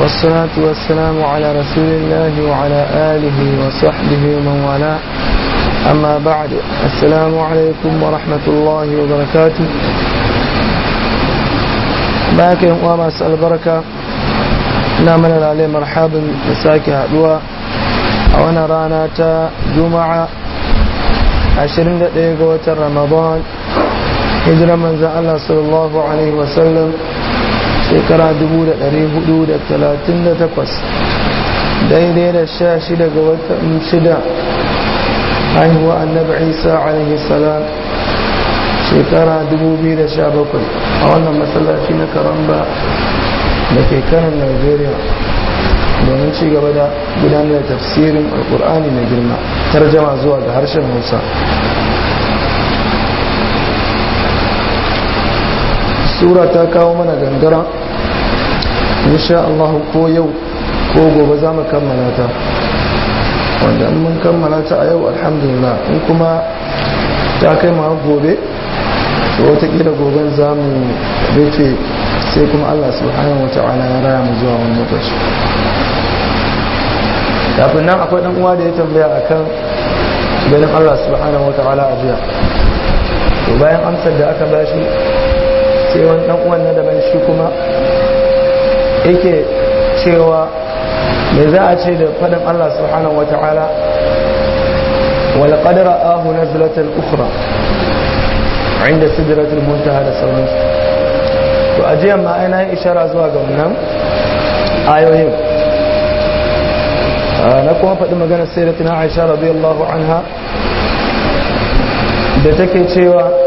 والصلاة والسلام على رسول الله وعلى آله وصحبه ومن والاه أما بعد السلام عليكم ورحمة الله وبركاته باك وما أسأل البركة نامنا نعم، العليم مرحبا مساك هدوى وانا رانا تا جمعة عشرين دقيقة رمضان هجرة من الله صلى الله عليه وسلم shekara 438 daidai da sha shida ga watan shida haihuwa annabi isa alaihi salam shekara 2017 a wannan masallaci na karamba da ke kanan nigeria domin ci gaba da gudanar da tafsirin alkur'ani na girma tarjama zuwa ga harshen hausa sura ta kawo mana gangara insha Allah ko yau ko gobe za mu kammala ta wanda mun kammala ta a yau alhamdulillah in kuma ta kai ma gobe to wataƙila goben za mu rufe sai kuma Allah subhanahu wa ta'ala ya raya mu zuwa wani lokaci kafin nan akwai dan uwa da ya tambaya akan ganin Allah subhanahu wa ta'ala a jiya to bayan amsar da aka bashi sai dan uwan na daban shi kuma yake cewa mai za a ce da faɗin Allah subhanahu wata'ala wala qadara ahu zilatar ukura inda sidratul muntaha da sauransu to ajiyan ma ai na ishara zuwa ga wannan ayoyin na kuma faɗi magana sai maganar tunan Aisha radiyallahu anha da take cewa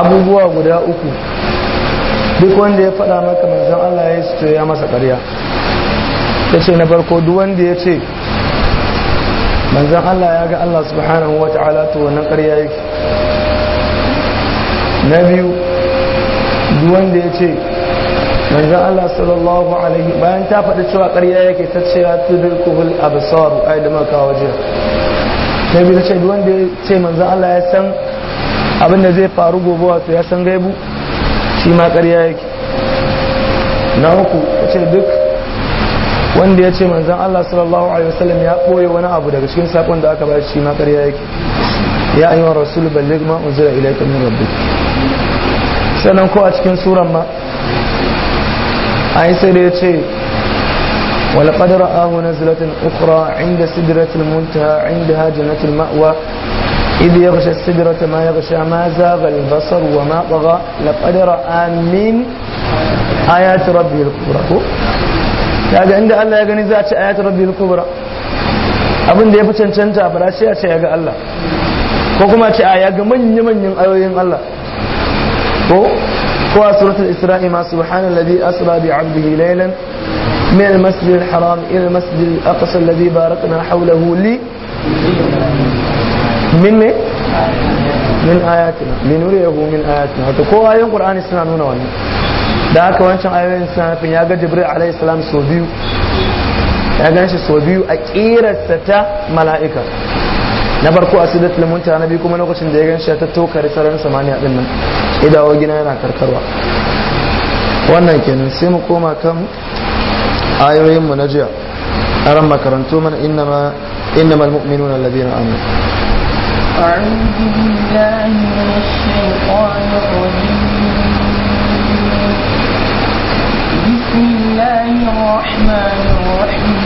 abubuwa guda uku duk wanda ya faɗa maka manzon Allah ya yi ya masa ƙarya ya ce na farko duk wanda ya ce manzon Allah ya ga Allah subhanahu wa ta'ala to wannan ƙarya yake na biyu duk wanda ya ce manzon Allah sallallahu alaihi bayan ta faɗi cewa ƙarya yake ta ce ya tudurkuhul a ai da maka waje na biyu ta ce duk wanda ya ce manzon Allah ya san abin da zai faru gobe wato ya san gaibu shi ma ƙarya yake na uku ya ce duk wanda ya ce manzan Allah sallallahu alaihi wasallam ya ɓoye wani abu daga cikin sakon da aka ba shi ma ƙarya yake ya ayyuhar rasul balligh ma unzila ka min rabbi. sannan ko a cikin suran ma ai sai da ya ce ولقد رآه نزلة أخرى عند سدرة المنتهى عندها جنة المأوى إذ يغشى السدرة ما يغشى ما زاغ البصر وما طغى لقد رأى من آيات ربه الكبرى kaga inda Allah ya gani za a ci ayatul rabbil kubra abin da ya fi cancanta ba sai a ce ya ga Allah ko kuma ce a ya ga manya manyan ayoyin Allah ko ko a suratul isra'i ma subhanallazi asra bi 'abdihi laylan min al-masjidil haram ila al-masjidil aqsa alladhi barakna hawlahu li min ne min ayatina ya min ayatina wato ko yin qur'ani suna nuna wannan da haka wancan ayoyin suna nufin ya ga jibril alaihi salam so biyu ya gan shi so biyu a kirarsa ta mala'ika na farko a sidat lamunta na biyu kuma lokacin da ya gan shi ta tokare sararin samaniya din nan idawo gina yana karkarwa wannan kenan sai mu koma kan ayoyin mu na jiya ran makarantu mana inna innamal mu'minuna alladhina amanu أعوذ بالله من الشيطان الرجيم بسم الله الرحمن الرحيم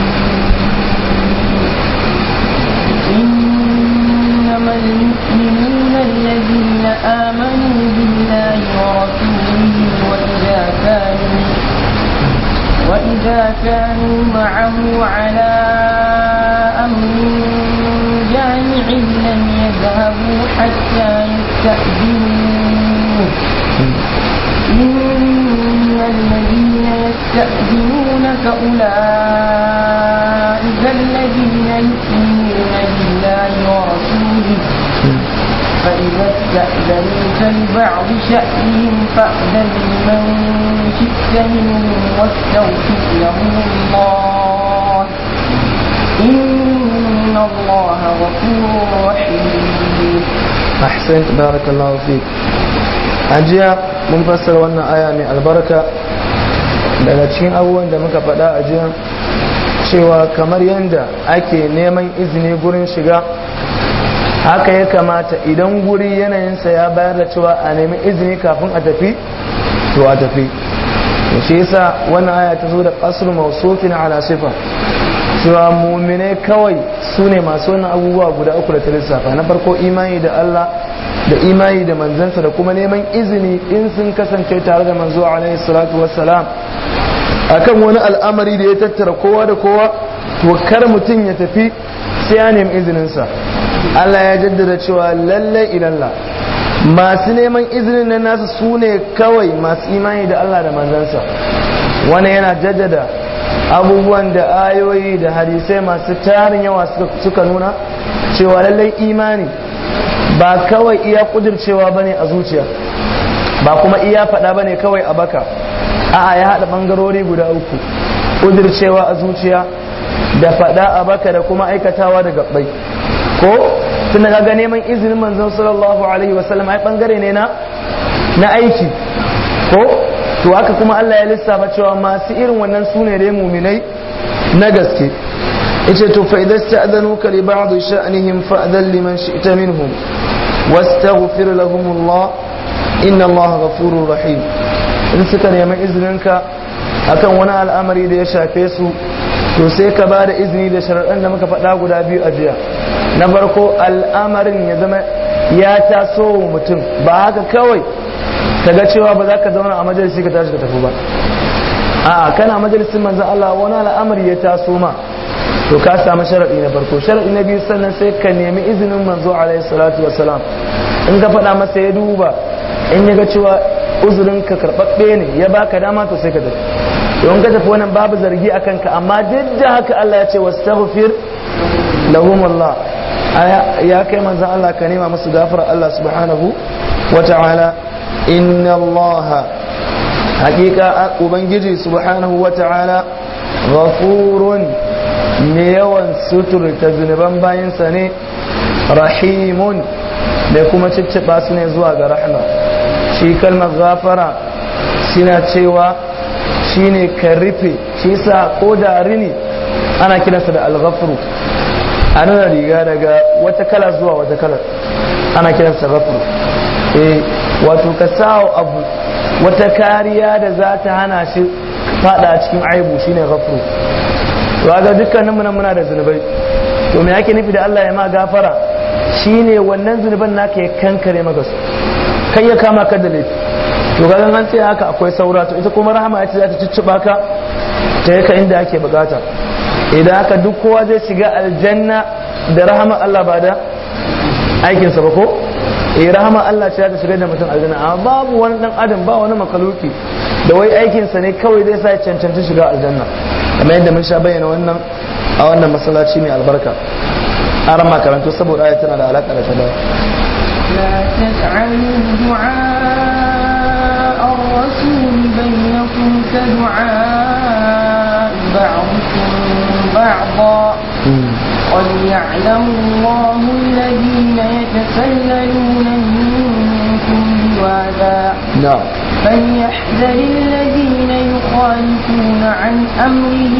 إنما المؤمنون الذين آمنوا بالله ورسوله وإذا كانوا وإذا كانوا معه على أمر جامع لم اذهبوا حتى يستأذنوك إن الذين يستأذنونك أولئك الذين يؤمنون بالله ورسوله فإذا استأذنت لبعض شأنهم فأذن لمن شئت منهم واستغفر لهم الله إن الله غفور رحيم أحسنت بارك الله فيك أجيا mun fassara wannan aya mai albarka daga cikin abubuwan da muka faɗa a jiya cewa kamar yadda ake neman izini gurin shiga haka ya kamata idan guri yanayinsa ya bayar da cewa a nemi izini kafin a tafi to a tafi shi yasa wannan aya ta zo da qasr mawsufin ala sifa cewa muminai kawai su ne masu wannan abubuwa guda uku da ta lissafa na farko imani da Allah da imani da manzansa da kuma neman izini in sun kasance tare da manzo alaihi salatu wassalam akan wani al'amari da ya tattara kowa da kowa to kar mutum ya tafi sai ya nemi izininsa Allah ya jaddada cewa lallai ilalla masu neman izinin nan nasu su ne kawai masu imani da Allah da manzansa wani yana jaddada abubuwan da ayoyi da hadisai masu tarin yawa suka nuna cewa lallai imani ba kawai iya kudircewa bane a zuciya ba kuma iya faɗa bane kawai a baka a'a ya haɗa bangarori guda uku kudircewa a zuciya da faɗa a baka da kuma aikatawa da gabbai ko tun da ga neman izinin manzon sallallahu alaihi wasallam ai bangare ne na aiki ko to haka kuma Allah ya lissafa cewa masu irin wannan sune dai muminai na gaske yace to fa idza sta'dhanuka li ba'd sha'nihim fa'dhan liman shi'ta minhum wastaghfir lahum Allah inna Allah ghafurur rahim in suka nemi izininka akan wani al'amari da ya shafe su to sai ka ba da izini da sharaɗan da muka faɗa guda biyu a jiya na farko al'amarin ya zama ya taso mutum ba haka kawai ka ga cewa ba za ka zauna a majalisi ka tashi ka tafi ba a'a kana majalisin manzon Allah wani al'amari ya taso ma to ka samu sharadi na farko sharadi na biyu sannan sai ka nemi izinin manzo alaihi salatu wasalam in ka faɗa masa ya duba in ya ga cewa uzurin ka karɓaɓɓe ne ya baka dama to sai ka tafi don ka tafi wannan babu zargi akan ka amma duk da haka Allah ya ce wastaghfir lahum Allah ya kai manzo Allah ka nema musu gafara Allah subhanahu wa ta'ala inna allaha hakika ubangiji subhanahu wa ta'ala ghafurun mai yawan ta zunuban bayansa ne rahimun da kuma cicciɓa su ne zuwa ga rahma shi kalmar zafara suna cewa shi ne kan rufe shi sa da ne ana kinasa da alghafuru a nuna riga daga wata kala zuwa wata kala ana kiransa gafuru eh, wato ka sawo abu wata kariya da za ta hana shi fada cikin aibu shine ghafru to ga dukkanin mu muna da zunubai to me yake nufi da Allah ya ma gafara shine wannan zunuban naka ya kankare maka su kai ya kama ka da laifi to ga an ce haka akwai saura to ita kuma rahama ita za ta cicciba ka ta yaka inda ake bukata idan haka duk kowa zai shiga aljanna da rahama Allah ba da aikinsa ba ko eh rahama Allah ce ta shiga da mutum aljanna amma babu wani dan adam ba wani makaluki da wai aikin sa ne kawai zai sa ya cancanta shiga aljanna kamar yadda mun sha bayyana wannan a wannan masallaci mai albarka an rama karanto saboda aya tana da alaka da ta da لا تجعلوا قد يعلم الله الذين يتسللون منكم لواذا نعم فليحذر الذين يخالفون عن أمره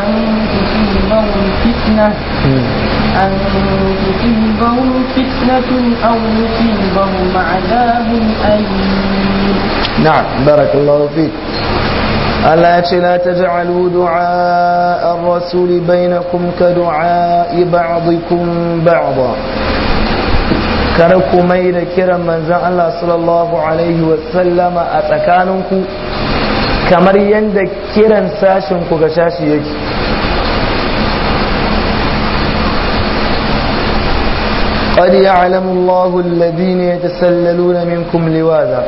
أن تصيبهم فتنة أن تصيبهم فتنة أو يصيبهم عذاب أليم نعم بارك الله فيك Allah ya ce la taj'alu du'a ar-rasuli bainakum ka du'a ba'dikum ba'da kar ku mai da kiran manzan Allah sallallahu alaihi wa sallama a tsakaninku kamar yadda kiran sashin ku ga sashi yake قد يعلم الله الذين يتسللون منكم لواذا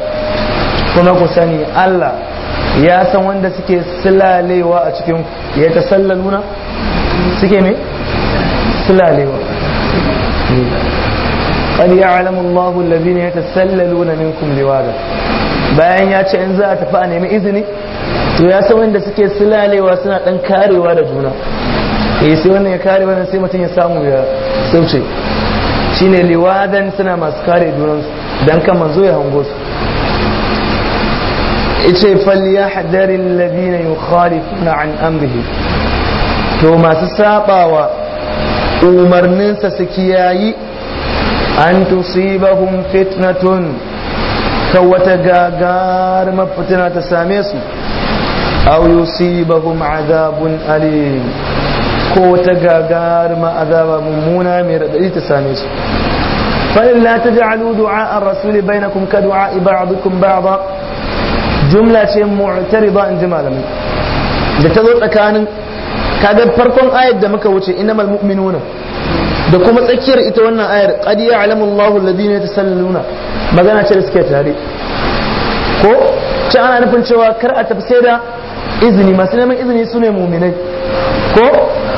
كما قسني الله ya san wanda suke silalewa a cikin ya ta sallaluna suke ne silalewa قد يعلم الله الذين يتسللون منكم لواذا bayan ya ce in za a tafi a nemi izini to ya san wanda suke silalewa suna dan karewa da juna eh sai wannan ya kare wannan sai mutum ya samu ya sauce shine liwadan suna masu kare junansu don kan manzo ya hango su ita yace falyahdari alladhina yukhalifuna an amrihi to masu sabawa umarninsa su kiyayi an tusibahum fitnatun kan wata gagarumar fitina ta same su aw yusibahum azabun alim ko wata gagarumar azaba mummuna mai radadi ta same su فإن لا تجعلوا دعاء الرسول بينكم كدعاء بعضكم بعضا jumla ce mu'tarida in ji malamai da ta zo tsakanin kaga farkon ayar da muka wuce innamal mu'minuna da kuma tsakiyar ita wannan ayar qad ya'lamu Allahu alladhina yatasalluna magana ce da suke tare ko ce ana nufin cewa kar a tafi sai da izini masu neman izini sune mu'minai ko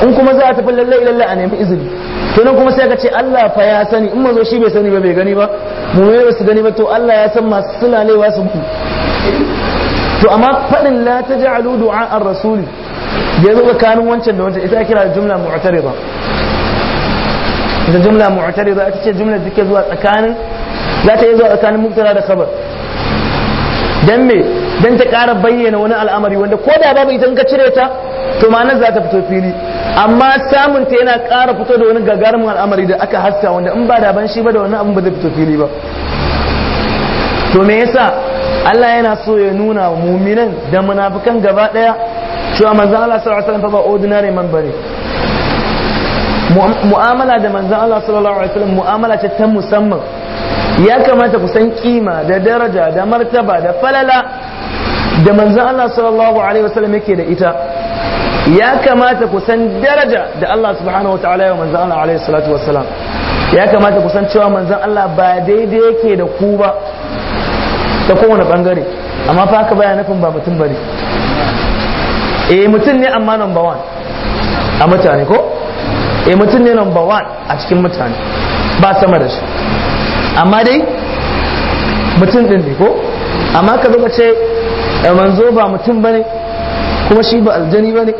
in kuma za a tafi lalle lalle a nemi izini to nan kuma sai ka ce Allah fa ya sani in mazo shi bai sani ba bai gani ba mu'minai su gani ba to Allah ya san masu sulalewa su to amma fadin la ta ja'alu du'a ar-rasul da zo tsakanin wancan da wancan ita kira jumla mu'tarida da jumla mu'tarida ita ce jumla da zuwa tsakanin za ta yi zuwa tsakanin mubtada da khabar dan me dan ta ƙara bayyana wani al'amari wanda ko da babu ita in ka cire ta to nan za ta fito fili amma samun ta yana ƙara fito da wani gagarumin al'amari da aka haska wanda in ba da ban shi ba da wani abin ba zai fito fili ba to me yasa Allah yana so ya nuna wa muminan da munafikan gaba daya cewa manzon Allah sallallahu alaihi wasallam ba ordinary man bane mu'amala da manzon Allah sallallahu alaihi wasallam mu'amala ce ta musamman ya kamata ku san kima da daraja da martaba da falala da manzon Allah sallallahu alaihi wasallam yake da ita ya kamata ku san daraja da Allah subhanahu wa ta'ala ya manzon Allah alaihi salatu wassalam ya kamata ku san cewa manzon Allah ba daidai yake da ku ba ta kowane bangare amma fa haka baya nufin ba mutum bane eh mutum ne amma number one a mutane ko eh mutum ne number one a cikin mutane ba sama da shi amma dai mutum din ne ko amma ka zo ka ce eh, manzo ba mutum bane kuma shi ba aljani bane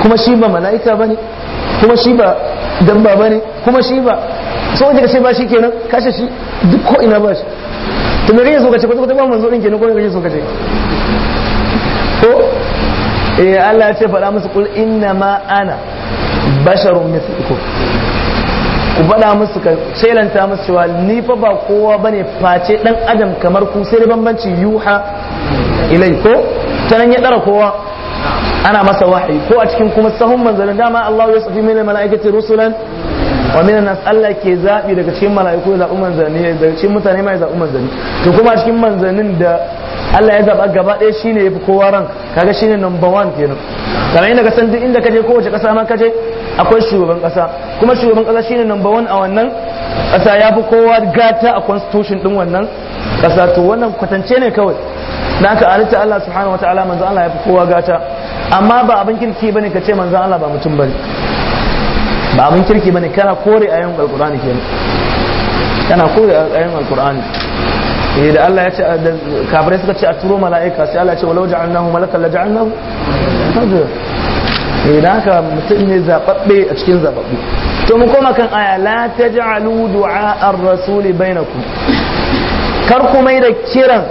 kuma shi ba mala'ika bane kuma shi ba dabba bane kuma shi ba so da ka ce ba shi kenan kashe shi duk ko ina ba shi to me kake so kace kwata kwata ba manzo zo kenan ko me kake so kace ko eh Allah ya ce faɗa musu kul inna ma ana basharun mithlukum ku faɗa musu ka shelanta musu cewa ni fa ba kowa bane face dan adam kamar ku sai dai bambanci yuha ilai ko ta nan ya dara kowa ana masa wahayi ko a cikin kuma sahun manzalin dama Allah ya safi min malaikati rusulan wa minan nas Allah ke zabi daga cikin mala'iku da zabi manzanni daga cikin mutane mai ya zabi manzanni to kuma cikin manzannin da Allah ya zaba gaba ɗaya shine yafi kowa ran kaga shine number one kenan kamar inda ka san duk inda kaje kowace kasa ma kaje akwai shugaban kasa kuma shugaban kasa shine number one a wannan kasa yafi kowa gata a constitution din wannan kasa to wannan kwatance ne kawai dan ka alita Allah subhanahu wataala manzo Allah ya fi kowa gata amma ba abin kirki bane kace manzo Allah ba mutum bane ba abin kirki bane kana kore ayoyin alkur'ani kenan kana kore ayoyin alkur'ani eh da Allah ya ce kafirai suka ce a turo mala'ika sai Allah ya ce walau ja'alnahu malakan la ja'alnahu eh da haka mutum ne zababbe a cikin zababbe to mu koma kan aya la taj'alu du'a ar-rasul bainakum kar ku mai da kiran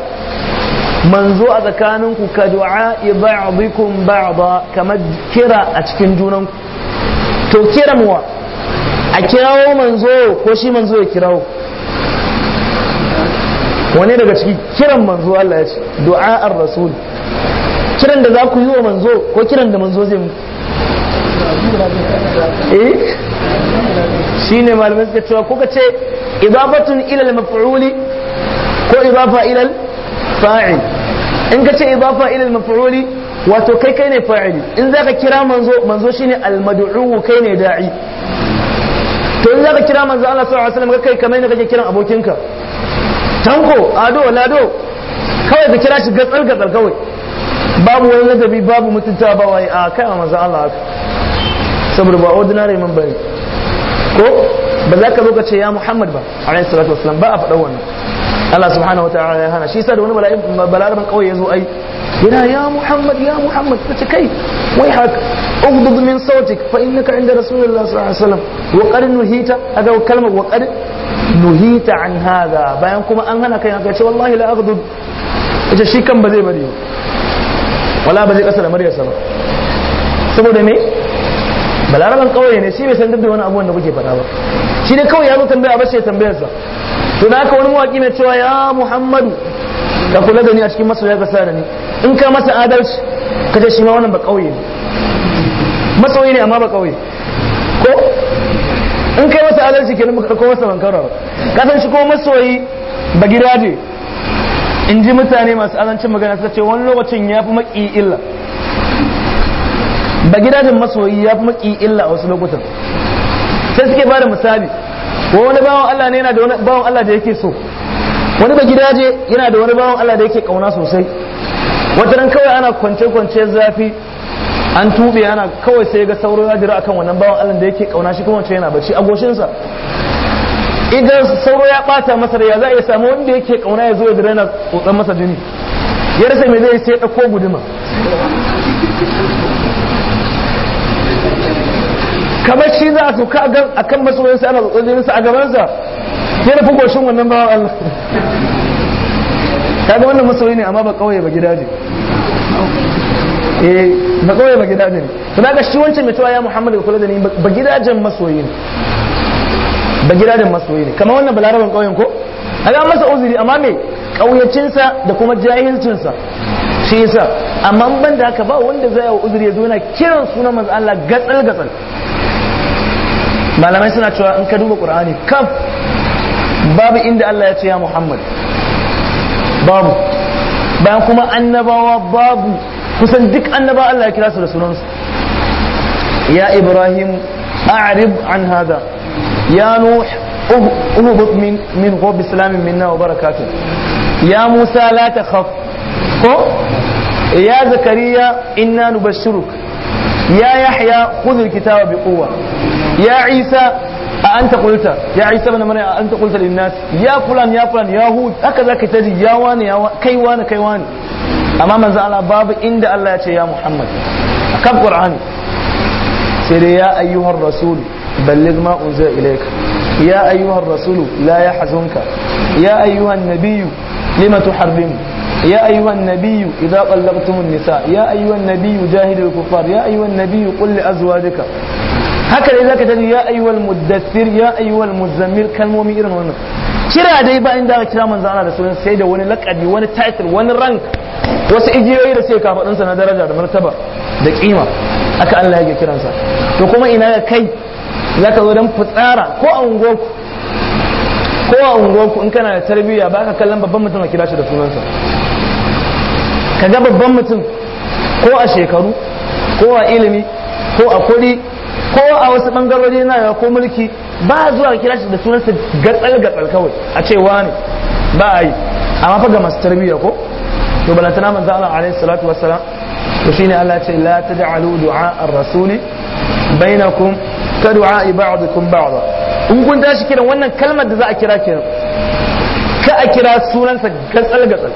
manzo a tsakaninku ka du'a ba'dikum ba'da kamar kira a cikin junanku to kiran wa a kirawo manzo ko shi manzo ya kirawo wani daga ciki kiran manzo Allah ya ce ar rasul kiran da za ku yi wa manzo ko kiran da manzo zai mu eh ne malamai suka cewa kuka ce idafatun ilal mafuli ko idafa ilal. fail in ce idafa ilal mafuli wato kai kai ne fa'ili in za ka kira manzo manzo shine al-mad'u kai ne da'i to in za ka kira manzo Allah sallallahu alaihi wasallam kai kamar ne kake kiran abokinka tanko ado lado kawai ka kira shi gatsal gatsal kawai babu wani ladabi babu mutunta ba wai a kai manzo Allah haka saboda ba ordinary man bane ko ba za ka zo ka ce ya Muhammad ba alaihi salatu wasallam ba a faɗa wannan Allah subhanahu wa ta'ala ya hana shi yasa da wani balaraban kawai ya zo ai yana ya Muhammad ya Muhammad ta ce kai wai haka ugdud min sautik fa innaka inda rasulullah sallallahu alaihi wasallam wa qad nuhita aga kalmar wa qad nuhita an hada bayan kuma an hana kai aka ce wallahi la aghdud ita shi kan ba zai bari ba wala ba zai kasa da maryarsa ba saboda me balaraban kauye ne shi bai san duk wani abu wanda kuke faɗa ba shi ne kawai ya zo tambaya ba shi tambayarsa to da haka wani mawaki na cewa ya muhammadu ka kula da ni a cikin masoya ka sa da ni in ka masa adalci ka ce shi ma wannan ba kauye masauyi ne amma ba kauye ko in ka masa adalci kenan baka dauko masa bankara ba ka san shi ko masoyi ba gidaje in ji mutane masu azancin magana suka ce wani lokacin ya fi maki illa ba gidajen masoyi ya fi maki illa a wasu lokutan sai suke ba da misali ko wani bawan Allah ne yana da wani bawan Allah da yake so wani ba gidaje yana da wani bawan Allah da yake kauna sosai wata kawai ana kwance-kwance zafi an tube ana kawai sai ga sauro ya jira akan wannan bawan Allah da yake kauna shi kuma wace yana bacci a goshinsa idan sauro ya bata masa ya za a iya samu wanda yake kauna ya zo ya jira yana tsotsan masa jini ya rasa me zai sai ya ko guduma kamar shi za a sauka a kan masoyinsa ana tsotsan sa a gabansa ya nufi goshin wannan bawan Allah kaga wannan masoyi ne amma ba kauye ba gidaje eh ba kawai ba gidajen to daga shi wancan mai tuwa ya muhammadu kula da ni ba gidajen masoyi ne ba masoyi ne kamar wannan balaraban kauyen ko a ga masa uzuri amma me kauyacinsa da kuma jahilcinsa shi yasa amma ban da haka ba wanda zai yi uzuri ya zo yana kiran sunan manzo Allah gatsal gatsal malamai suna cewa in ka duba qur'ani kaf babu inda Allah ya ce ya muhammad babu bayan kuma annabawa babu kusan duk annaba Allah ya kira su da sunansu ya ibrahim a'rib an hada ya nuh uhbut min min ghab islamin minna wa barakatuh ya musa la takhaf ko ya zakariya inna nubashshiruk ya yahya khudh alkitaba quwwa ya isa a anta kulta ya isa ibn maryam a anta kulta lin nas ya fulan ya fulan ya hu haka zaka taji ya wani ya kai wani kai wani amma manzo Allah babu inda Allah ya ce ya Muhammad a kan Qur'ani sai dai ya ayyuhar rasul balligh ma unzila ilayka ya ayyuhar rasul la yahzunka ya ayyuhan nabiyyu lima tuharrimu يا أيها النبي إذا طلقتم النساء يا أيها النبي جاهد الكفار يا أيها النبي قل لأزواجك haka dai zaka tafi ya ayyuhal muddathir ya ayyuhal muzammil kalmomi irin wannan kira dai ba inda aka kira manzo Allah da sunan sai da wani laqabi wani title wani rank wasu igiyoyi da sai kafadin sa na daraja da martaba da kima aka Allah yake kiransa to kuma ina ga kai zaka zo dan fitsara ko a ungoku ko a ungoku in kana da tarbiyya baka kallon babban mutum a kira shi da sunansa kaga babban mutum ko a shekaru ko a ilimi ko a kuɗi ko a wasu bangarori na yawa ko mulki ba zuwa kira shi da sunansa gatsal gatsal kawai a ce wani ba a yi amma fa ga masu tarbiyya ko to balantana manzo Allah alaihi salatu wassalam to shine Allah ce la tad'alu du'a ar-rasuli bainakum ka du'a ba'dukum ba'da in kun tashi kiran wannan kalmar da za a kira kiran ka a kira sunansa gatsal gatsal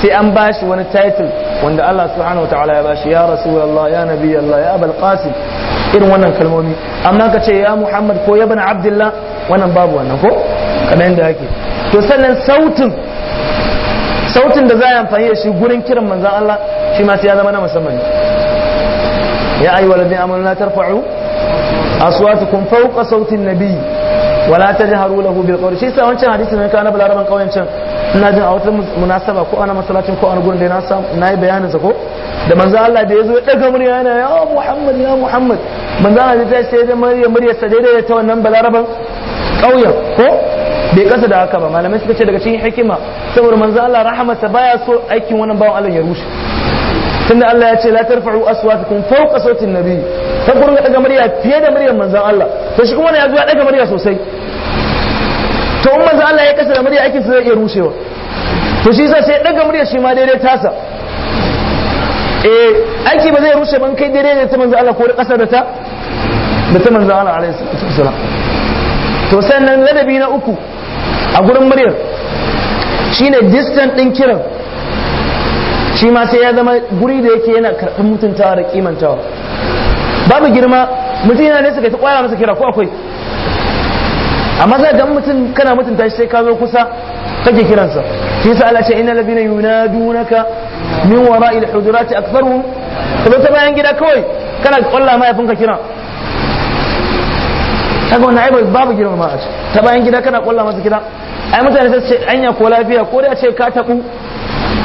sai an bashi wani title wanda Allah subhanahu wataala ya bashi ya rasulullah ya nabi Allah ya abul qasim irin wannan kalmomi amma ka ce ya muhammad ko ya bana abdullah wannan babu wannan ko kadan da yake to sannan sautin sautin da za a amfani da shi gurin kiran manzan Allah shi ma sai ya zama na musamman ya ayyuhal ladina amanu la tarfa'u aswatukum fawqa sautin nabiy wala tajharu lahu bil qawl shi sa wancan hadisin ne kana balaraban kauyen can ina jin a wata munasaba ko ana masallacin ko ana gurin da na sam na yi bayanin sa ko da manzo Allah da yazo ya daga murya yana ya Muhammad ya Muhammad manzo Allah ta sai da murya murya sa da ta wannan balaraban ƙauyen ko bai kasa da haka ba malamai suka ce daga cikin hikima saboda manzo Allah rahamarsa baya so aikin wannan bawan Allah ya rushe tunda Allah ya ce la tarfa'u aswatakum fawqa sawti an-nabi sai ku daga murya fiye da muryar manzan Allah to shi kuma ne ya zo ya daga murya sosai to in manzo Allah ya kasa da murya aikin zai iya rushewa to shi yasa sai daga murya shi ma daidai tasa eh aiki ba zai rushe ban kai daidai da ta manzo Allah ko da kasar da ta da ta manzo Allah alaihi wasallam to sannan ladabi na uku a gurin muryar shine distant din kiran shi ma sai ya zama guri da yake yana karɓar mutuntawa da kimantawa babu girma mutum yana nesa kai ta kwaya masa kira ko akwai amma za ga mutum kana mutunta shi sai ka zo kusa kake kiransa shi yasa Allah ce innal ladina yunadunaka min wara'i al-hujurati aktharu kaza ta bayan gida kawai kana kwalla fanka kira kaga wannan aibai babu girma ma ta bayan gida kana kwalla masa kira ai mutane sai ce anya ko lafiya ko da ce ka tabu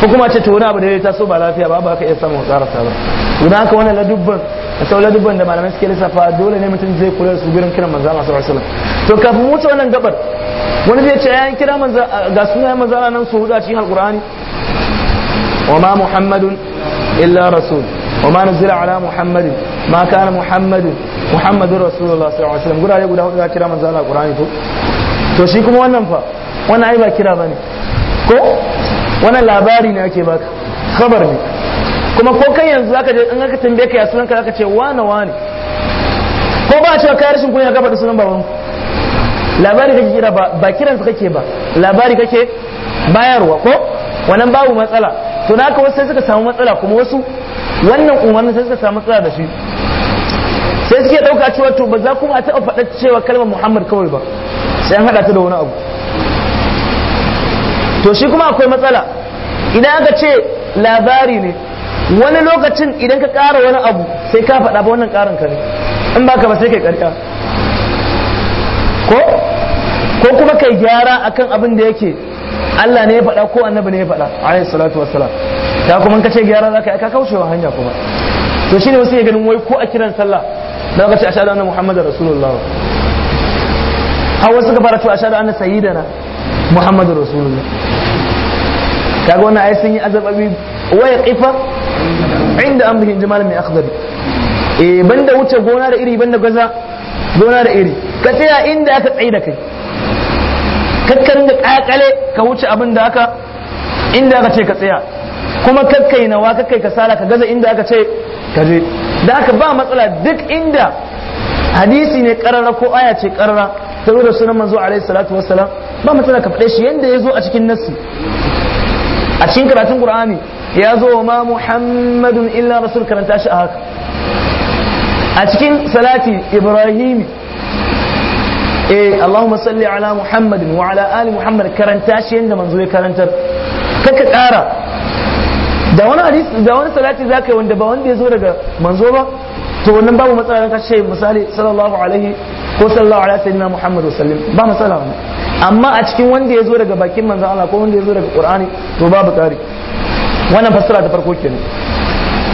ko kuma ce to wani abu da ya taso ba lafiya ba ba ka iya samun tsara. ba idan haka wannan ladubban da sauran dubban da malamai suke lissafa dole ne mutum zai kula da su gurin kiran manzo Allah sallallahu alaihi wasallam to kafin mu wuce wannan gabar wani zai ce ayan kira manzo ga sunayen manzo Allah nan su huda cikin alqur'ani wa ma muhammadun illa rasul wa ma nuzila ala muhammadin ma kana muhammadun muhammadun rasulullah sallallahu alaihi wasallam gurare guda hudu ga kira manzo Allah alqur'ani to to shi kuma wannan fa wannan ai ba kira bane ko wannan labari ne ake baka khabar ne kuma ko kan yanzu zaka je in aka tambaye ka ya ka zaka ce wane wane ko ba a cewa kai rashin kunya ka faɗi sunan baban labari kake kira ba ba su kake ba labari kake bayarwa ko wannan babu matsala to da ka wasu sai suka samu matsala kuma wasu wannan umarnin sai suka samu matsala da shi sai suke ɗauka cewa to ba za ku a taɓa faɗa cewa kalmar muhammad kawai ba sai an haɗa ta da wani abu to shi kuma akwai matsala idan aka ce labari ne wani lokacin idan ka ƙara wani abu sai ka faɗa ba wannan ƙarin kare in ba ka ba sai kai ƙarƙa ko ko kuma kai gyara akan abin da yake Allah ne ya faɗa ko annabi ne ya faɗa alayhi salatu wassalam ta kuma ka ce gyara zaka ka kaucewa hanya kuma to shine wasu ya ganin wai ko a kiran sallah da ka ce shaɗa anna muhammadu rasulullah har wasu ka fara to ashhadu anna sayyidana muhammadur rasulullah kaga wannan ai sun yi azababi waya kifa. inda an bihin jimal mai akhdari eh banda wuce gona da iri banda gaza gona da iri ka tsaya inda aka tsaye da kai kakkarin da kakale ka wuce abin da aka inda aka ce ka tsaya kuma kakkai nawa kakkai kasala ka gaza inda aka ce ka je da aka ba matsala duk inda hadisi ne karara ko aya ce karara ta da sunan manzo alaihi salatu wassalam ba matsala ka faɗe shi yanda ya zo a cikin nassi a cikin karatun qur'ani ya zo ma muhammadun illa rasul karanta shi a haka a cikin salati ibrahim eh allahumma salli ala muhammadin wa ala ali muhammad karanta shi yadda manzo ya karantar kaka kara da wani hadis da wani salati zaka yi wanda ba wanda ya zo daga manzo ba to wannan babu matsala ka shi misali sallallahu alaihi ko sallallahu alaihi sayyidina muhammad wa sallim ba matsala amma a cikin wanda ya zo daga bakin manzo Allah ko wanda ya zo daga qur'ani to babu tsari wannan fassara ta farko kenan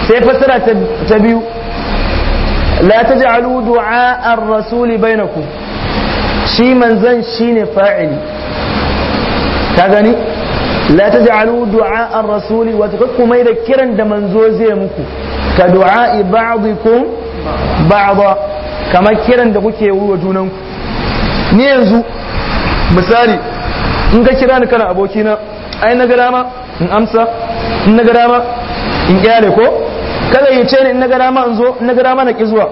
sai fassara ta biyu la taj'alu du'a ar-rasul bainakum shi manzan shine fa'ili ka gani la taj'alu du'a ar-rasul wa takkum da kiran da manzo zai muku ka du'a ba'dikum ba'da kamar kiran da kuke yi wa junanku ni yanzu misali in ka kira ni kana abokina ai na ga in amsa in na gada ma in kyale ko kada yi ce ni in na gada ma in zo in na gada ma na ki zuwa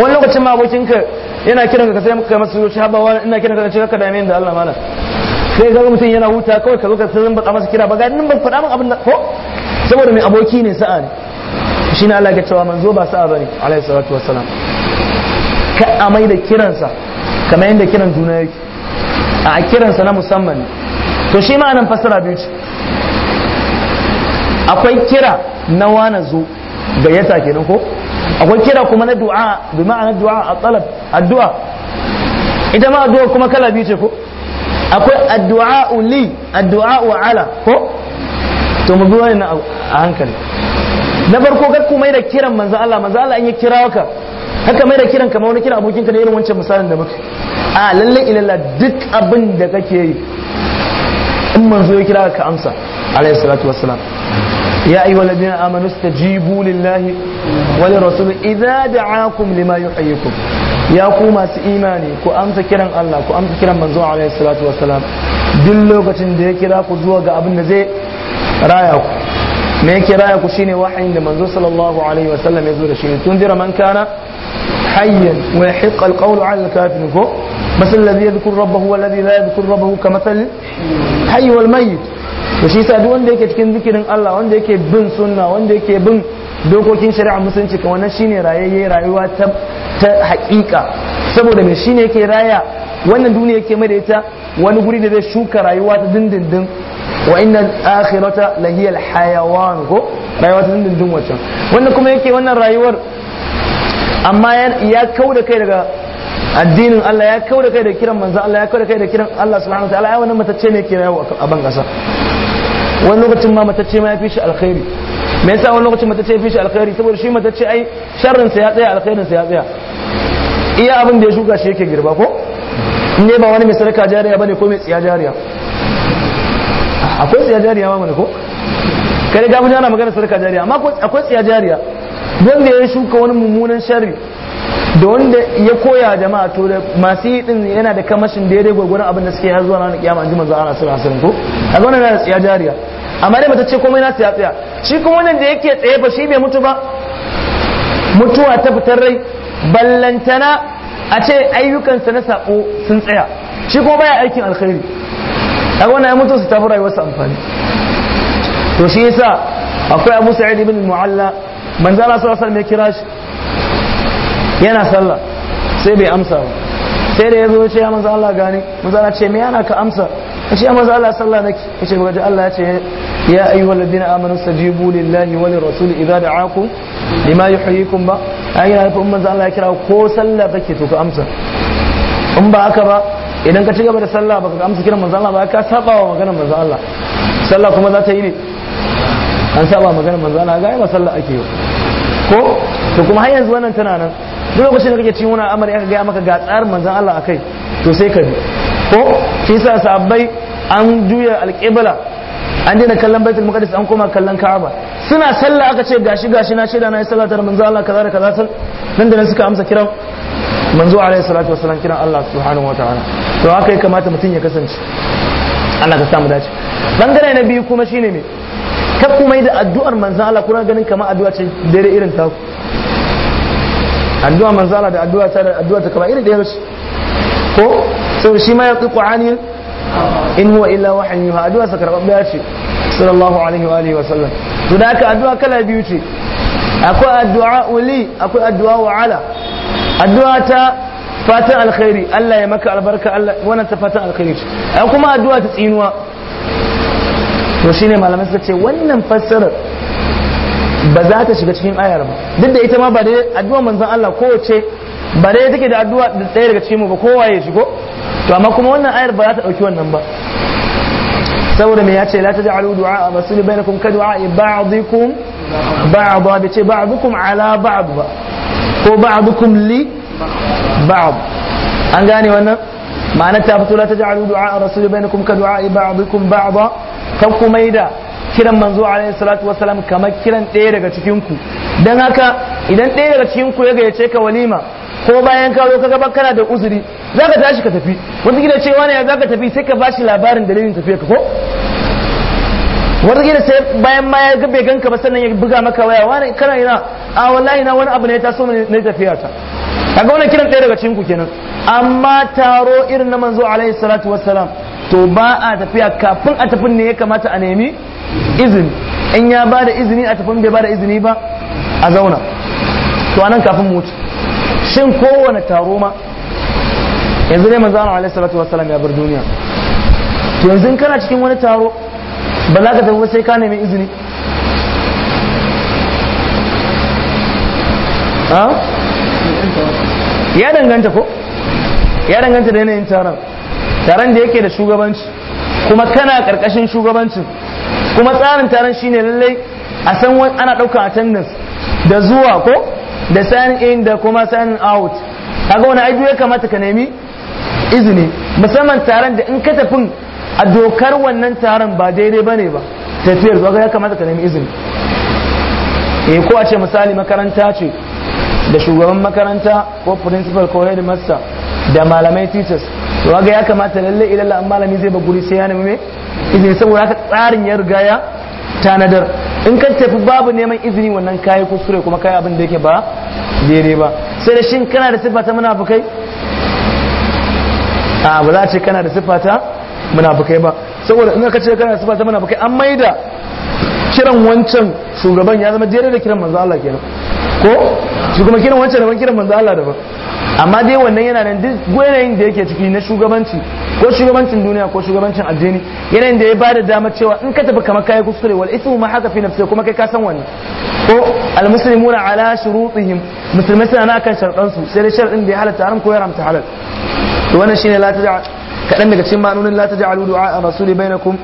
wani lokacin ma abokin ka yana kiran ka sai muka masu zuci haba wani ina kiran ka ce ka dame da Allah mana sai ga mutum yana huta kawai ka zo ka san ba masa kira ba ga nan ba faɗa min abin da ko saboda mai aboki ne sa'a ne shine Allah ya cewa manzo ba sa'a bane alaihi salatu wassalam ka amai da kiransa kamar yadda kiran juna yake a kiransa na musamman to shi ma anan fasara biyu akwai kira na wana zo ga yata kenan ko akwai kira kuma na du'a bi ma'ana du'a a talab addu'a ita ma addu'a kuma kala biyu ce ko akwai addu'a li addu'a wa ala ko to mu bi wani a hankali na farko kar ku mai da kiran manzo Allah manzo Allah an yi kira waka haka mai da kiran kamar wani kira abokin ka ne irin wancan misalin da muka a lalle ilalla duk abin da kake yi in manzo ya kira ka amsa alayhi salatu wassalam يا أيها الذين آمنوا استجيبوا لله وللرسول إذا دعاكم لما يحييكم يا قوم إيماني كو أمس كرم الله كو أمس كرم منزوع عليه الصلاة والسلام دل لوكة دي كرا كو زوغ أبن زي رايك me yake raya shine wahayin da manzo sallallahu alaihi wasallam ya zo da shi tunzira man kana hayyan wa yahiqqa alqawlu ala ko masal ladhi yadhkur rabbahu wa ladhi la yadhkur rabbahu kamathal hayy wal mayyit da shi yasa duk wanda yake cikin zikirin Allah wanda yake bin sunna wanda yake bin dokokin shari'a musulunci kan wannan shine rayayye rayuwa ta ta haƙiƙa saboda me shine yake raya wannan duniya yake mai da ita wani guri da zai shuka rayuwa ta dindindin wa inna akhirata lahiyal hayawan ko rayuwa ta dindindin wancan wannan kuma yake wannan rayuwar amma ya kauda da kai daga addinin Allah ya kawo da kai da kiran manzan Allah ya kawo da kai da kiran Allah subhanahu wa ta'ala ya wannan matacce ne ke yau a ban kasa wani lokacin ma matacce ma ya fi shi alkhairi me yasa wani lokacin matacce ya fi shi alkhairi saboda shi matacce ai sharrin sa ya tsaya alkhairin sa ya tsaya iya abin da ya shuka shi yake girba ko ne ba wani mai sarka jariya bane ko mai tsiya jariya akwai tsiya jariya ma mana ko kare gafi ana magana sarka jariya amma akwai tsiya jariya wanda ya shuka wani mummunan sharri da wanda ya koya jama'a to da masu yi din yana da kamashin daidai gwagwarin abin da suke har zuwa ranar kiyama ji manzo Allah sallallahu alaihi wasallam ko a zaune na tsiya jariya amma dai bata ce komai na tsiya tsiya shi kuma wannan da yake tsaye ba shi bai mutu ba mutuwa ta fitar rai ballantana a ce ayyukansa na sako sun tsaya shi kuma baya aikin alkhairi a wannan ya mutu su tafi rayuwarsa amfani to shi yasa akwai Abu Sa'id ibn Mu'alla manzo Allah sallallahu alaihi wasallam ya kira shi yana sallah sai bai amsa ba sai da ya zo ce ya manzo Allah gani manzo Allah ce me yana ka amsa ce ya manzo Allah sallah nake yace ga ji Allah ya ce ya ayyuhal ladina amanu sajibu lillahi wa lirrasuli idza da'akum lima yuhyikum ba ai yana ko manzo Allah ya kira ko sallah kake to ka amsa in ba haka ba idan ka ci gaba da sallah baka amsa kiran manzo Allah ba ka saba wa maganar manzo Allah sallah kuma za ta yi ne an saba maganar manzo Allah ga ba sallah ake yi ko to kuma har yanzu wannan tana nan duk lokacin da kake cikin wani amari aka gaya maka ga tsarin manzan Allah a kai. to sai ka bi ko shi sa sahabbai an juya alƙibla an daina kallon baitul muqaddis an koma kallon ka'aba suna sallah aka ce gashi gashi na shaida na yi sallah da manzan Allah kaza da kaza sal nan da nan suka amsa kiran manzo alaihi salatu wassalam kiran Allah subhanahu wa ta'ala to haka ya kamata mutum ya kasance Allah ka mu dace bangare na biyu kuma shine me kar kuma yi da addu'ar manzan Allah kuna ganin kamar addu'a ce daidai irin taku addu'a manzala da addu'a ta da addu'a ta kama iri da yaushe ko saboda shi ma ya tsiku anil in huwa illa wahayin yuha addu'a sa karɓaɓɓiya ce sallallahu alaihi wa alihi wa sallam to da aka addu'a kala biyu ce akwai addu'a uli akwai addu'a wa ala addu'a ta fatan alkhairi Allah ya maka albarka Allah wannan ta fatan alkhairi ce kuma addu'a ta tsinuwa to shine malamai suka ce wannan fassarar ba za ta shiga cikin ayar ba duk da ita ma ba dai addu'a manzon Allah kowace ba dai take da addu'a da tsaye daga cikin mu ba kowa ya shigo to amma kuma wannan ayar ba za ta ɗauki wannan ba saboda me ya ce la taj'alu du'a rasul bainakum ka du'a ba'dikum ba'd bi ce ba'dukum ala ba'd ba ko ba'dukum li ba'd an gane wannan ma'anar ta fito la taj'alu du'a rasul bainakum ka du'a ba'dikum ba'd kan kuma da kiran manzo alaihi salatu wasalam kamar kiran ɗaya daga cikin ku dan haka idan ɗaya daga cikin ku ya gayyace ka walima ko bayan ka zo ka gaba kana da uzuri zaka tashi ka tafi wanda gida cewa ne zaka tafi sai ka bashi labarin dalilin tafiya ka ko wanda gida sai bayan ma ya gabe ganka ba sannan ya buga maka waya wani kana ina a wallahi na wani abu ne ta so ne tafiya ta kaga wannan kiran ɗaya daga cikin ku kenan amma taro irin na manzo alaihi salatu salam. to ba a tafiya kafin a tafin ne ya kamata a nemi izini in ya ba da izini a tafi bai ba da izini ba a zauna to anan kafin mutu shin kowane taro ma yanzu dai manzo Allah sallallahu alaihi wasallam ya bar duniya to yanzu kana cikin wani taro ba za ka tafi sai ka nemi izini ya danganta ko ya danganta da yanayin taron taron da yake da shugabanci kuma kana karkashin shugabancin kuma tsarin taron shine lallai a san wani ana ɗaukar attendance da zuwa ko da sign in da kuma sign out a ga wani aiki ya kamata ka nemi izini musamman taron da in ka tafin a dokar wannan taron ba daidai ba ne ba tafiyar zuwa ya kamata ka nemi izini eh, ko a ce misali makaranta ce da shugaban makaranta ko principal ko headmaster da malamai teachers to ga ya kamata lallai idan malami zai ba guri sai ya nemi izini saboda haka tsarin ya riga ya tanadar in ka tafi babu neman izini wannan kayi ko sure kuma kayi abin da yake ba daidai ba sai da shin kana da siffa ta munafukai a ba za a ce kana da siffa ta munafukai ba saboda in ka ce kana da siffa ta munafukai an maida kiran wancan shugaban ya zama daidai da kiran manzo Allah kenan ko shi kuma kiran wancan da ban kiran manzo Allah daban amma dai wannan yana nan duk yanayin da yake ciki na shugabanci ko shugabancin duniya ko shugabancin addini yanayin da ya ba da damar cewa in ka tafi kamar kaya kuskure wal ismu ma haka fi nafsi kuma kai ka san wani ko al ala shurutihim musulmai suna na kan sharɗan su sai dai sharɗin da ya halatta haram ko ya haramta halal to wannan shine la taja kadan daga cikin ma'anonin la taj'alu du'a rasuli bainakum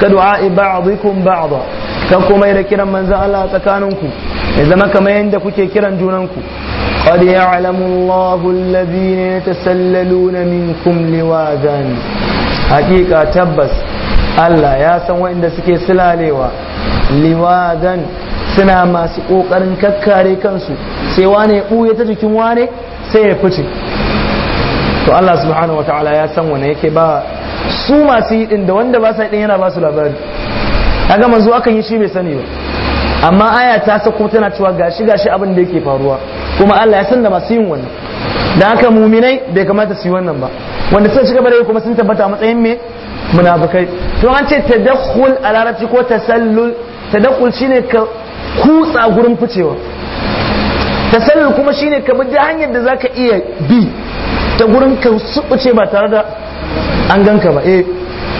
ka du'a ba'dikum ba'da kan kuma da kiran manzan Allah tsakaninku ya zama kamar yadda kuke kiran junanku قد ne ta الذين يتسللون منكم لواذا حقيقة تبس Allah ya san waɗanda suke silalewa liwadan suna masu ƙoƙarin kakkare kansu sai wane ya ɓuya ta jikin wane sai ya fice to Allah subhanahu wa ta'ala ya san wane yake ba su masu yi da wanda ba sa ɗin yana ba su labari a ga manzo akan yi shi bai sani ba amma aya ta sako tana cewa gashi gashi abin da yake faruwa kuma Allah ya san da masu yin wannan da haka muminai bai kamata su yi wannan ba wanda sun shiga bare kuma sun tabbata matsayin me munafikai to an ce tadakhul a larabci ko tasallul tadakhul shine ka kutsa gurin ficewa tasallul kuma shine ka bi hanyar da zaka iya bi ta gurin ka suɓuce ba tare da an ganka ba eh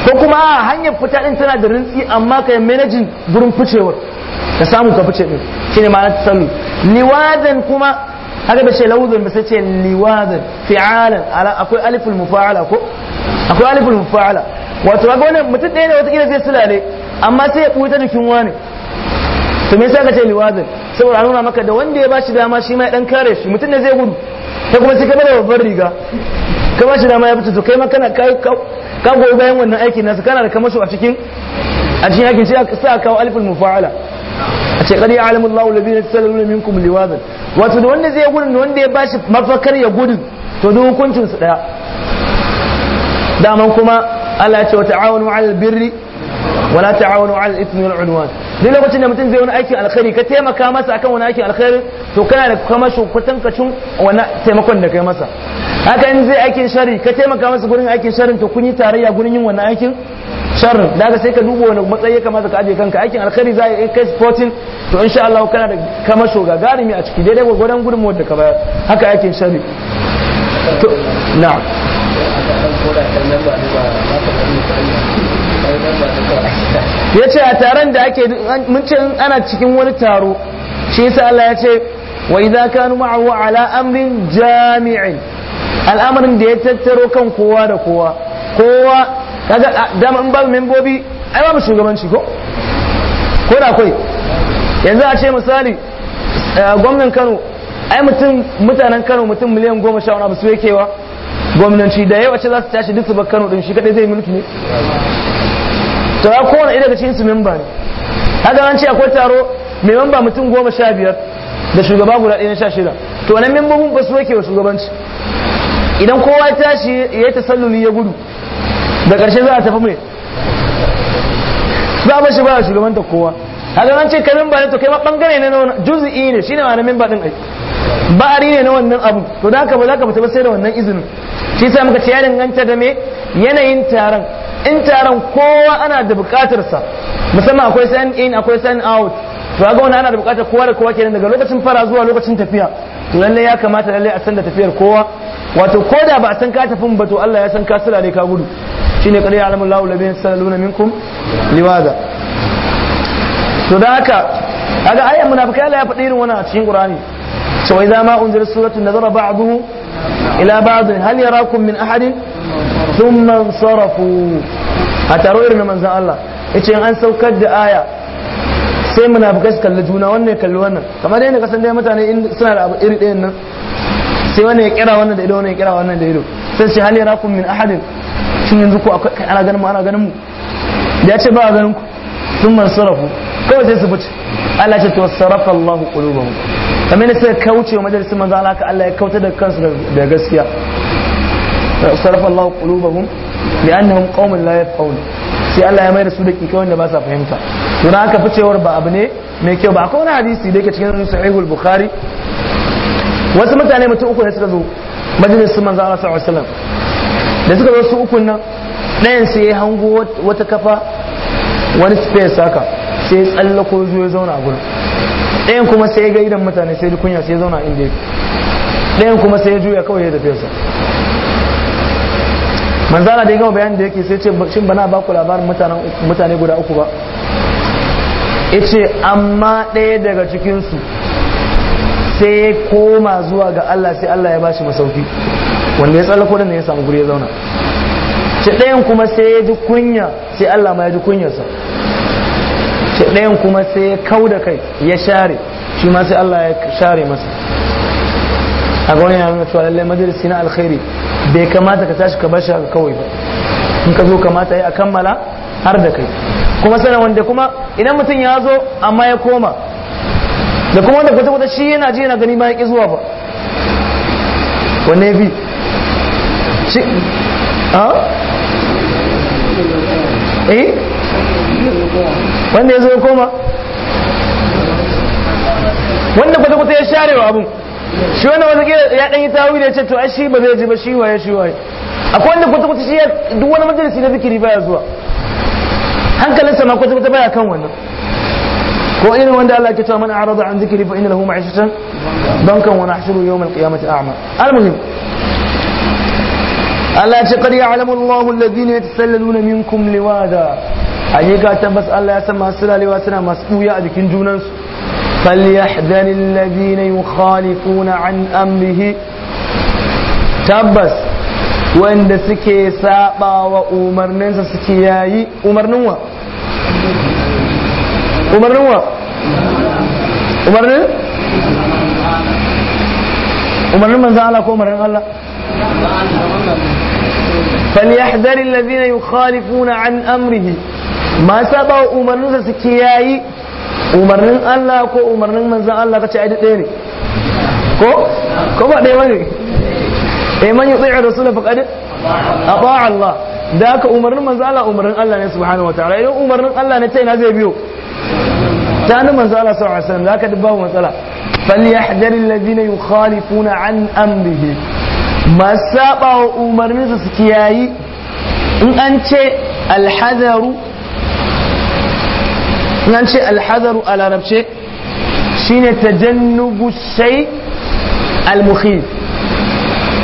ko kuma hanyar fita din tana da rintsi amma kai managing gurin ficewar ka samu ka fice din shine ma'anar tasallu liwadan kuma haka bai ce lawzun ba sai ce liwadan fi'alan akwai aliful mufa'ala ko akwai aliful mufa'ala wato ga wannan mutum ɗaya ne wata kila zai sulale amma sai ya ta jikin wani to me yasa ka ce liwadan saboda an nuna maka da wanda ya bashi dama shi ma ya dan kare shi mutum ne zai gudu ta kuma sai ka bada babbar riga ka bashi dama ya fito to kai ma kana kai ka goyi bayan wannan aikin nasu kana da kamasho a cikin a cikin aikin sai aka kawo aliful mufa'ala a ce kadi alimu Allah ladina sallallahu minkum liwadan wato da wanda zai gudun da wanda ya bashi mafakar ya gudun to duk hukuncin su daya daman kuma Allah ya ce wa ta'awanu 'alal birri wala ta'awanu 'alal ithmi wal 'udwan duk lokacin da mutum zai wani aikin alkhairi ka taimaka masa akan wani aikin alkhairi to kana da kuma shukutan kacin wani taimakon da kai masa haka in zai aikin shari ka taimaka masa gurin aikin sharin to kun yi tarayya gurin yin wani aikin sharrin ka sai ka duba wani matsayi kamata ka aje kanka aikin alkhairi za a yi kai sportin to insha Allah kana da kama kamasho gagarumi a ciki daidai gwagwadon gudunmuwar wadda ka bayar haka aikin sharri to na ya ce a taron da ake mun ce ana cikin wani taro shi sa Allah ya ce wa idza kanu ma'ahu ala amrin jami'in al'amarin da ya tattaro kan kowa da kowa kowa kaga dama in babu membobi ai babu shugabanci ko ko da akwai yanzu a ce misali eh, gwamnan Kano ai mutum mutanen Kano mutum miliyan goma sha wani abu su yakewa Gwamnati da yawa ce za su tashi duk su bar Kano din shi kadai zai mulki ne to ya wani daga cikin su memba ne kaga an ce akwai taro mai memba mutum goma sha biyar da shugaba guda ɗaya na sha shida to wannan membobin ba su yake wa shugabanci idan kowa ya tashi ya yi tasalluli ya gudu da ƙarshe za a tafi mai za a bashi ba a ta kowa a an ce ba ne to kai ma bangare ne na juzi juzi'i ne shine na min baɗin ai ba'ari ne na wannan abu to da haka ba za ka fita ba sai da wannan izinin shi sa muka ce ya danganta da me yanayin taron in taron kowa ana da buƙatarsa musamman akwai sign in akwai sign out to ga wani ana da buƙatar kowa da kowa kenan daga lokacin fara zuwa lokacin tafiya to lallai ya kamata lallai a san da tafiyar kowa wato ko da ba a san ka tafi ba to Allah ya san ka sula ne ka gudu shine qad ya'lamu Allahu alladhina yasaluna minkum liwaza to da haka kaga ayyan munafikai Allah ya faɗi irin wannan a cikin Qur'ani so idza ma unzila suratun nazara ba'duhu ila ba'd hal yarakum min ahadin thumma sarafu a taro irin na manzon Allah yace an saukar da aya sai munafikai su kalli juna wannan kalli wannan kamar yadda kasan dai mutane suna da abu iri ɗayan nan sai wani ya kira wannan da ido wani ya kira wannan da ido sai hali ra kun min ahadin shin yanzu ko ana ganin mu ana ganin mu ya ce ba ganin ku sun man sarafu kawai sai su fice Allah ce to sarafa Allah qulubum kamar ne sai kauce wa majalisin manzo Allah ka Allah ya kauta da kansu da gaskiya sarafa Allah qulubum li'annahum qaumun la yafqahun sai Allah ya mai da su da kike wanda ba sa fahimta to haka ficewar ba abu ne mai kyau ba akwai wani hadisi da yake cikin sahihul bukhari wasu mutane mutum uku ne suka zo majalisun su manzo Allah sallallahu alaihi wasallam da suka zo su uku nan ɗayan sai ya hango wata kafa wani space haka sai ya tsallako zo ya zauna a gurin ɗayan kuma sai ya ga idan mutane sai kunya sai ya zauna inda yake ɗayan kuma sai ya juya kawai ya tafi sa Allah da ya gama bayanin da yake sai ce shin bana ba ku labarin mutane guda uku ba ya ce amma ɗaya daga cikinsu sai ya koma zuwa ga Allah sai Allah ya bashi masauki wanda ya tsallako da ya samu guri ya zauna ce ɗayan kuma sai ya ji kunya sai Allah ma ya ji kunyarsa ce ɗayan kuma sai ya kau da kai ya share shi ma sai Allah ya share masa a ga wani yana nuna cewa lallai majalisi na alkhairi bai kamata ka tashi ka bar shi kawai ba in ka zo kamata ya kammala har da kai kuma sanar wanda kuma idan mutum ya zo amma ya koma da kuma wanda kwata-kwata shi yana ji yana gani bayan ya ƙi zuwa ba wanne ya fi shi a ah? eh wanda ya zo ya koma wanda kwata-kwata ya share wa abun shi wanda wata ya ɗanyi tawi da ya ce to ai shi ba zai ji ba shi waye shi waye akwai wanda kwata-kwata shi duk wani majalisi na zikiri baya zuwa hankalinsa ma kwata-kwata baya kan wannan ko irin wanda Allah ke cewa man arada an zikri fa inna lahu ma'ishatan dankan wa nahshuru yawm al-qiyamati a'ma al-muhim Allah ya ce qad ya'lamu Allahu alladhina yatasalluna minkum liwada ayyuka tabbas Allah ya san masu lalewa suna masu buya a jikin junansu فليحذر الذين tabbas wanda أمره تبس saba wa umarninsa suke سكي umarnin wa. umarnin wa umarnin umarnin manzan Allah ko umarnin Allah فليحذر الذين يخالفون عن أمره ما سبا umarninsa su kiyayi umarnin Allah ko umarnin manzan Allah kace ai ɗaya ne ko ko ba ɗaya bane eh man yuti rasul faqad ata da ka umarnin manzan Allah umarnin Allah ne subhanahu wataala idan umarnin Allah ne ta ina zai biyo ta hannun manzo Allah sallallahu alaihi wasallam zaka dubba matsala falyahdhar alladhina yukhalifuna an amrihi masaba wa umarnin su kiyayi in an ce alhadaru in an ce alhadaru a larabce shine tajannubu shay almukhif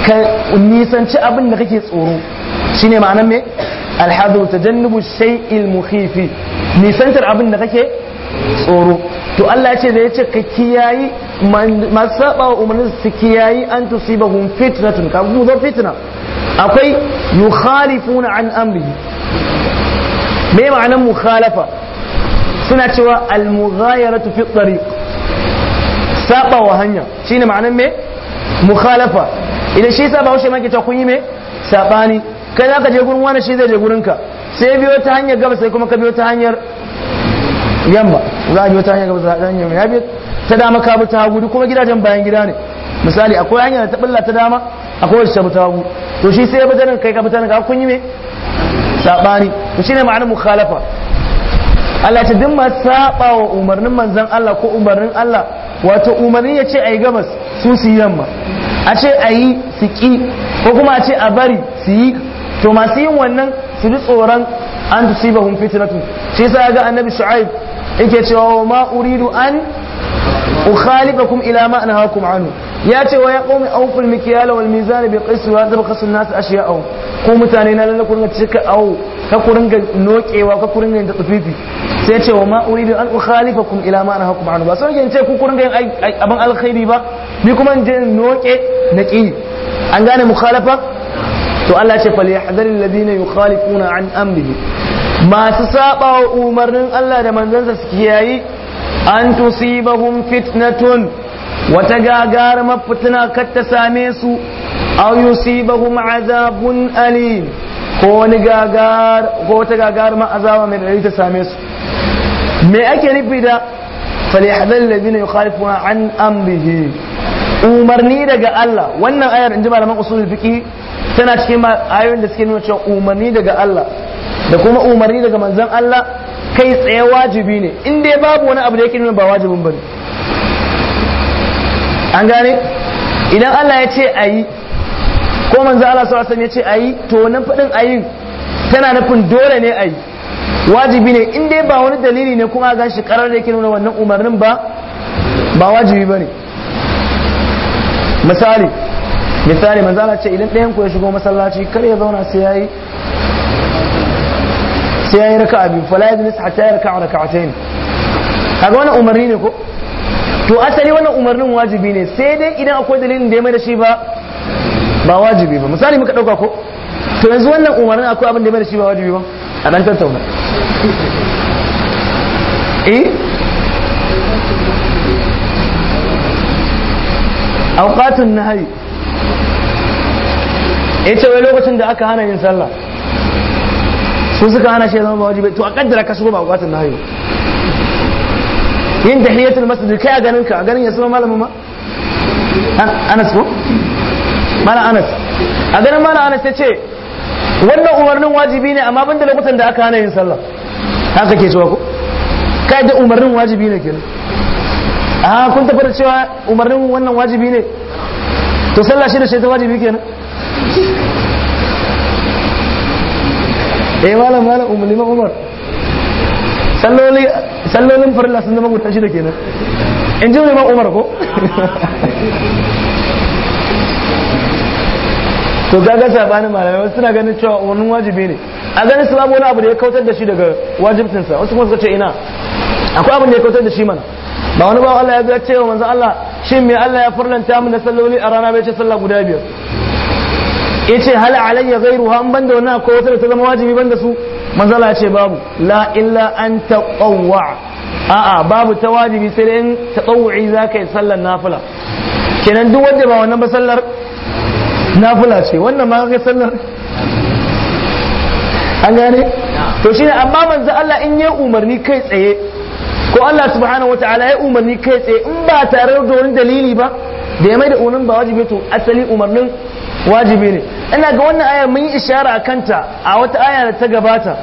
ka nisanci abin da kake tsoro shine ma'anar me alhazu tajannubu shay'il mukhifi nisantar abin da kake tsoro to Allah ce da yace ka kiyayi masu saba wa umarnin su kiyayi an tusibahum fitnatun ka zo fitna akwai yukhalifuna an amri me ma'anar mukhalafa suna cewa al fi tariq saba wa hanya shine ma'anar me mukhalafa idan shi saba wa shi ma ke ta kun yi me sabani kai za ka je gurin wani shi zai je gurin ka sai biyo ta hanyar gaba sai kuma ka biyo ta hanyar yamma za a biyo ta hanyar gaba sai hanyar ya biyo ta dama ka bi ta hagu kuma gidajen bayan gida ne misali akwai hanyar ta billa ta dama akwai wacce ta ta hagu to shi sai ya ta nan kai ka bi ta nan ka kun yi me sabani to shine ma'anar mukhalafa Allah ta dimma saba wa umarnin manzan Allah ko umarnin Allah wato umarni ya ce a yi gabas su su yi yamma a ce a yi su ki ko kuma a ce a bari su yi to masu yin wannan su ji tsoron an tusibahum fitnatu shi yasa ga annabi shu'aib yake cewa ma uridu an ukhalifakum ila ma anhaakum anhu ya ce wa ya qaumi awful mikyala wal mizan bi qis wa tabqasu an-nas ashiya'u ko mutane na lalle ku ringa cika au ka ku ringa nokewa ka ku ringa da tsufifi sai ce wa ma uridu an ukhalifakum ila ma anhaakum anhu ba sai in ce ku ku ringa abin alkhairi ba ni kuma in je noke na ki an gane mukhalafa to Allah ce fal yahdharil ladina yukhalifuna an amrihi masu saba umarnin Allah da manzansa su kiyayi an tusibahum fitnatun wata gagarumar fitina kar ta same su aw yusibahum azabun alim ko wani gagar ko wata gagarumar azaba mai dadi ta same su me ake nufi da falyahdhar alladhina yukhalifuna an amrihi umarni daga Allah wannan ayar inji malaman usulul fiqh tana cikin ayoyin da suke nuna cewa umarni daga Allah da kuma umarni daga manzon Allah kai tsaye wajibi ne in dai babu wani abu da yake nuna ba wajibin bane an gane idan Allah ya ce ayi ko manzo Allah sallallahu alaihi wasallam ya ce ayi to wannan fadin ayi tana nufin dole ne ayi wajibi ne in dai ba wani dalili ne kuma ga shi karar da yake nuna wannan umarnin ba ba wajibi bane misali misali manzo Allah ce idan ɗayan ku ya shigo masallaci kar ya zauna sai yayi sai yayi raka'a biyu fala yajlis hatta yarka'a raka'atayn kaga wannan umarni ne ko to asali wannan umarnin wajibi ne sai dai idan akwai dalilin da ya mai da shi ba ba wajibi ba misali muka dauka ko to yanzu wannan umarnin akwai abin da ya mai da shi ba wajibi ba a dan tattauna eh awqatun nahyi ya ce wai lokacin da aka hana yin sallah su suka hana shi zama wajibi to a kaddara ka shigo ba bukatun nahi yin tahiyatul masjid kai a ganin ka a ganin ya suna malamin ma Anas ko mana Anas a ganin mana Anas ya ce wannan umarnin wajibi ne amma banda lokacin da aka hana yin sallah haka ke cewa ko kai da umarnin wajibi ne kenan a kun tabbata cewa umarnin wannan wajibi ne to sallah shi da shi ta wajibi kenan eh malam malam umar liman umar sallolin farilla sun zama guta da kenan in ji ma umar ko to kaga bani malamai wasu suna ganin cewa wani wajibi ne a ganin su babu wani abu da ya kautar da shi daga wajibcinsa wasu kuma suka ce ina akwai abu da ya kautar da shi mana ba wani ba Allah ya ga cewa manzo Allah shin me Allah ya furlanta mun da salloli a rana bai ce sallah guda biyar yace hal alayya ghayruha an banda wannan ko wata da ta zama wajibi banda su manzala ce babu la illa an taqawwa a'a babu ta wajibi sai in taqawwi zaka yi sallar nafila kenan duk wanda ba wannan ba sallar nafila ce wannan ma ga sallar an gane to shine amma manzo Allah in yayi umarni kai tsaye ko Allah subhanahu wataala ya umarni kai tsaye in ba tare da wani dalili ba da ya mai da umarnin ba wajibi to asali umarnin wajibi ne ina ga wannan aya mun yi ishara a kanta a wata aya da ta gabata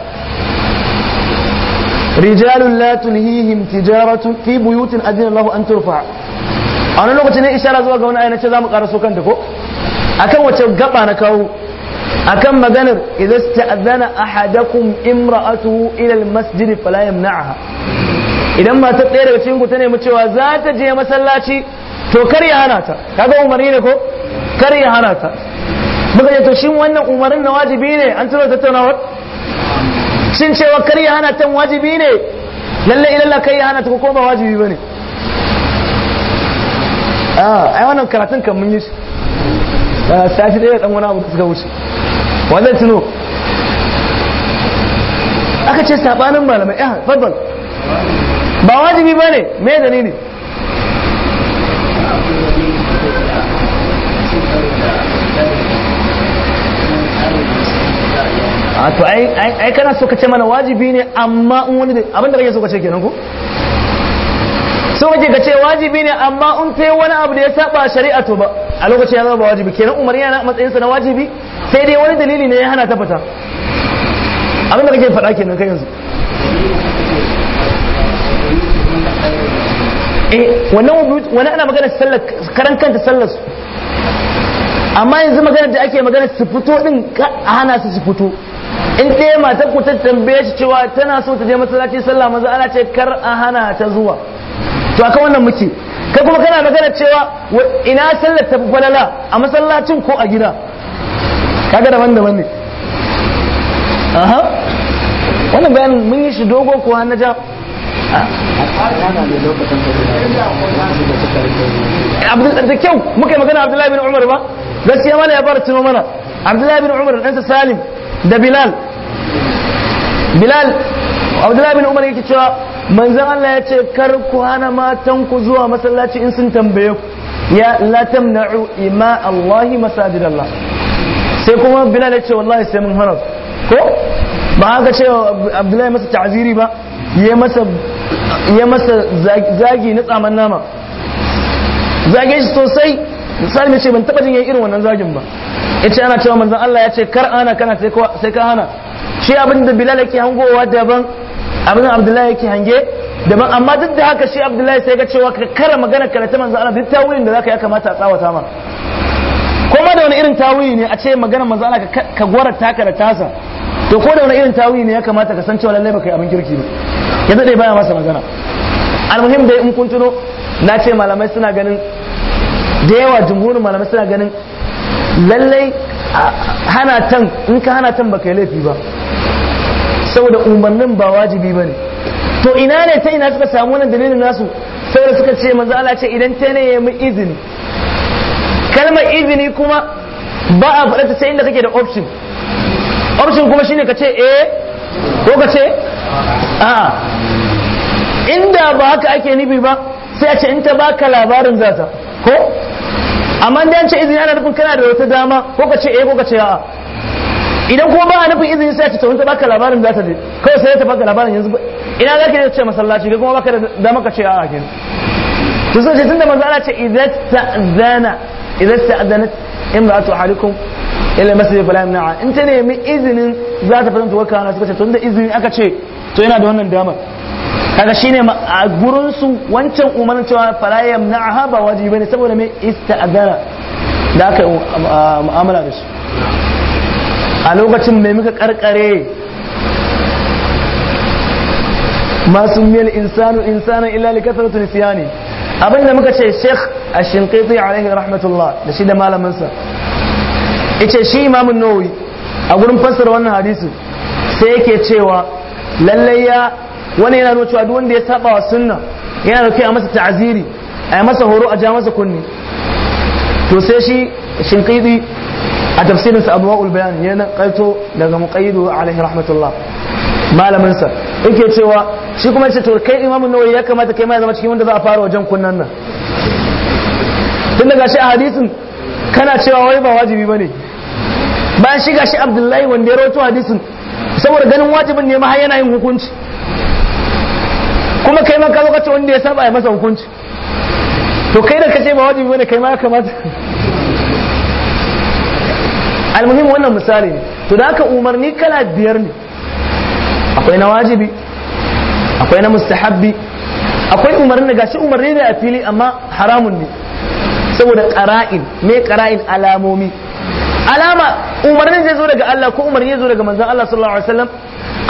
rijalun la tulhihim tijaratun fi buyutin adina Allahu an turfa a wani lokaci ne ishara zuwa ga wani aya na ce za mu karaso kanta ko akan wace gaba na kawo akan maganar idan sta'adana ahadakum imra'atuhu ila almasjid fala yamna'aha idan mata ɗaya daga cikin ku ta nemi cewa za ta je masallaci to kar ya hana ta kaga umarni ne ko kar ya hana ta muka ce to shin wannan umarin na wajibi ne an tura tattaunawar shin cewa kar ya hana tan wajibi ne lalle ilalla kai ya hana ta ko ba wajibi bane ah ai wannan karatun kan mun yi shi ah, sashi da ɗan wani abu suka wuce wannan tuno aka ce saɓanin malamai ah fadal ba wajibi bane me dalili wato to ai kana so ka ce mana wajibi ne amma in wani abin da kake so ka ce kenan ko so kake ka ce wajibi ne amma in kai wani abu da ya saba shari'a to ba a lokacin ya zama ba wajibi kenan umar yana matsayin sa na wajibi sai dai wani dalili ne ya hana ta fita abin da kake faɗa kenan kai yanzu eh wannan wani ana magana sallar karan kanta sallar su amma yanzu magana da ake magana su fito din a hana su su fito in ɗaya matar ku ta tambaye shi cewa tana so ta je masallaci sallah maza ana ce kar a hana ta zuwa to akan wannan muke kai kuma kana magana cewa ina sallar ta falala a masallacin ko a gida kaga daban daban ne aha wannan bayanin mun yi shi dogo ko na ja abdul da kyau muka magana Abdullahi bin Umar ba gaskiya mana ya fara tuno mana Abdullahi bin Umar ɗansa Salim da bilal bilal abdullahi bin umar yake cewa manzan Allah ya ce kar ku hana matan ku zuwa masallaci in sun tambaye ku ya la tamna'u ima Allah masajid Allah sai kuma bilal ya ce wallahi sai mun hana ko ba haka ce abdullahi masa ta'ziri ba ya masa ya masa zagi na tsaman nama zage shi sosai misali ne ce ban taba jin yayin irin wannan zagin ba yace ana cewa manzan Allah ya ce kar ana kana sai ka hana shi abin da Bilal yake hangowa daban abin Abdullahi yake hange daban amma duk da haka shi Abdullahi sai ga cewa kara magana kana ta manzon Allah duk tawilin da zaka ya kamata a tsawata ma kuma da wani irin tawuyi ne a ce magana manzan Allah ka gwara taka da tasa to ko da wani irin tawuyi ne ya kamata ka san cewa lallai baka yi abin kirki ba yanzu dai baya masa magana almuhim dai in kun tuno na ce malamai suna ganin da yawa jimurin malamai suna ganin lallai hana tan in ka hana tan baka yi laifi ba saboda umarnin ba wajibi ba ne to ina ne ta ina suka samu wannan dalilin nasu sai suka ce manzo ce idan ta ne ya mu izini kalmar izini kuma ba a faɗa ta sai inda kake da option option kuma shine ka ce eh ko ka ce a'a inda ba haka ake nufi ba sai a ce in ta baka labarin zata ko amma da ce izini ana nufin kana da wata dama ko ka ce eh ko ka ce a'a idan kuma ba a nufin izini sai ta tawanta baka labarin za ta je kawai sai ta baka labarin yanzu ina za ka ce masallaci kai kuma baka da dama ka ce a'a ke to sai tun da manzo Allah ce idan ta'zana idan ta'zanat imra'atu ahadikum ila masjid fala yamna'a in ta nemi izinin za ta fara tuwaka na suka ce tun da izini aka ce to yana da wannan damar kaga shine a gurin su wancan umarnin cewa fala yamna'aha ba wajibi bane saboda me ista'dara da aka mu'amala da shi a lokacin mai muka karkare masu miyar insanu insanan illa li kasratu nisyani abin muka ce sheikh ash-shinqiti alaihi rahmatullah da shi da malaminsa yace shi imamun nawawi a gurin fassara wannan hadisi sai yake cewa lallai ya wani yana nuna cewa duk wanda ya saba wa sunna yana da kai a masa ta'aziri a masa horo a ja masa kunni to sai shi shinkidi a tafsirin sa wa'ul bayan ya kaito daga muqayyidu alaihi rahmatullah malamin sa yake cewa shi kuma yace to kai imamu nawawi ya kamata kai ma ya zama cikin wanda za a fara wajen kunnan nan tun daga shi a hadisin kana cewa wai ba wajibi bane bayan shi abdullahi wanda ya rawaito hadisin saboda ganin wajibin ne ma har yana yin hukunci kuma kai ma ka zo kace wanda ya saba ya masa hukunci to kai da kace ba wajibi bane kai ma ya kamata almuhim wannan misali ne to da aka umarni kala biyar ne akwai na wajibi akwai na mustahabbi akwai umarni ga shi umarni da a fili amma haramun ne saboda qara'in me qara'in alamomi alama umarnin zai zo daga Allah ko umarni zai zo daga manzon Allah sallallahu alaihi wasallam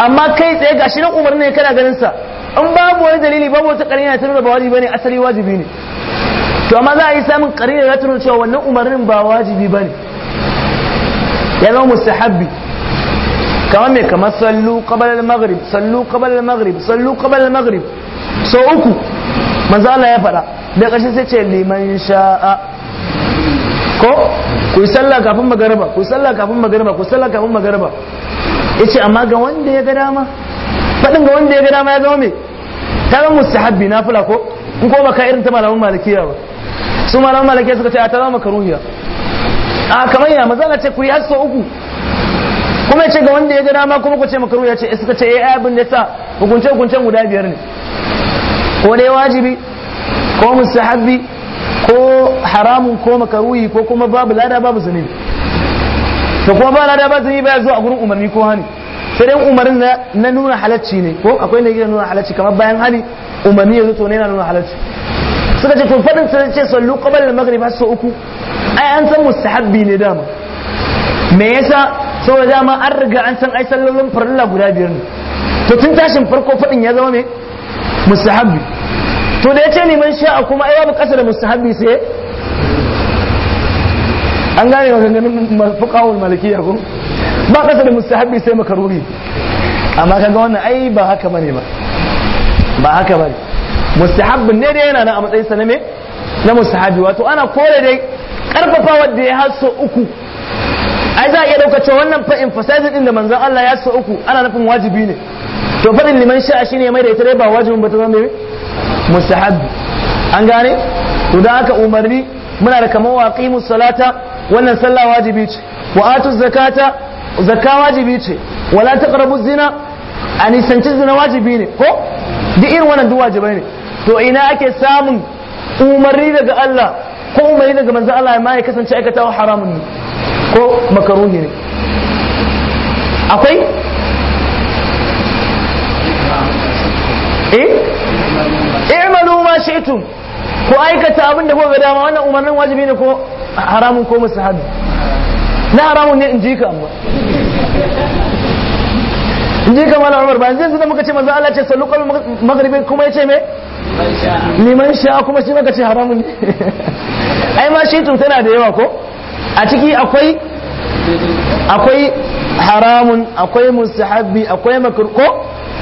amma kai tsaye gashi nan umarni ne kana ganin sa in babu wani dalili babu wata karina ta nuna ba wajibi bane asali wajibi ne to amma za a yi samun karina da ta cewa wannan umarnin ba wajibi bane ya zama mustahabbi kamar mai kamar sallu qabala al-maghrib sallu qabala al-maghrib sallu qabala al-maghrib so uku manzo Allah ya faɗa da ƙarshe sai ce liman sha'a ko ku yi sallah kafin magariba ku yi sallah kafin magariba ku yi sallah kafin magariba yace amma ga wanda ya ga dama faɗin ga wanda ya ga dama ya zama me ta zama na nafila ko in ko baka irin ta malamin malikiya ba su malamin malikiya suka ce a ta zama makaruhiya a kamar ya na ce ku yi hasso uku kuma ya ce ga wanda ya ga dama kuma ku ce makaruhiya ce suka ce ya eh, abin da sa hukunce hukuncen guda biyar ne ko dai wajibi ko mustahabbi ko haramun ko makaruhi ko kuma babu lada babu zunubi to kuma ba lada babu zunubi ba ya zo a gurin umarni ko hani sai dai umarin na nuna halacci ne ko akwai na gina nuna halacci kamar bayan hali umarni yanzu zuto ne na nuna halacci suka ce to faɗin sai ce sallu ƙabar da magari ba su uku ai an san mustahabbi ne dama me yasa saboda dama an riga an san ai sallolin farilla guda biyar ne to tun tashin farko faɗin ya zama me mustahabbi to da yace liman sha'a kuma ai babu ƙasa da mustahabbi sai an gane maganganun fuqahul malikiyya ko ba kasa da mustahabi sai makaruri amma kaga wannan ai ba haka bane ba ba haka bane mustahab'in ne dai yana nan a matsayin sa na me na mustahabi wato ana kore dai karfafa wanda ya haso uku ai za a iya dauka cewa wannan fa emphasizing din da manzon Allah ya so uku ana nufin wajibi ne to fadin liman sha'a shine mai da ita dai ba wajibin ba ta zama me mustahabi an gane to da aka umarni muna da kamar waqimus salata wannan sallah wajibi ce wa atuz zakata zakka wajibi ce wala taqrabu zina a nisanci zina wajibi ne ko duk irin wannan duk wajibai ne to ina ake samun umarni daga Allah ko umarni daga manzo Allah ma ya kasance aikatawa haramun ne ko makaruhi ne akwai eh i'malu ma shaytum ko aikata abin da kuka ga dama wannan umarnin wajibi ne ko haramun ko musahabi na haramun ne in ji ka amma in ji ka malam Umar ba yanzu da muka ce maza Allah ce salukar qal kuma ya ce me liman sha kuma shi muka ce haramun ne ai ma shi tun tana da yawa ko a ciki akwai akwai haramun akwai mustahabbi akwai makarko ko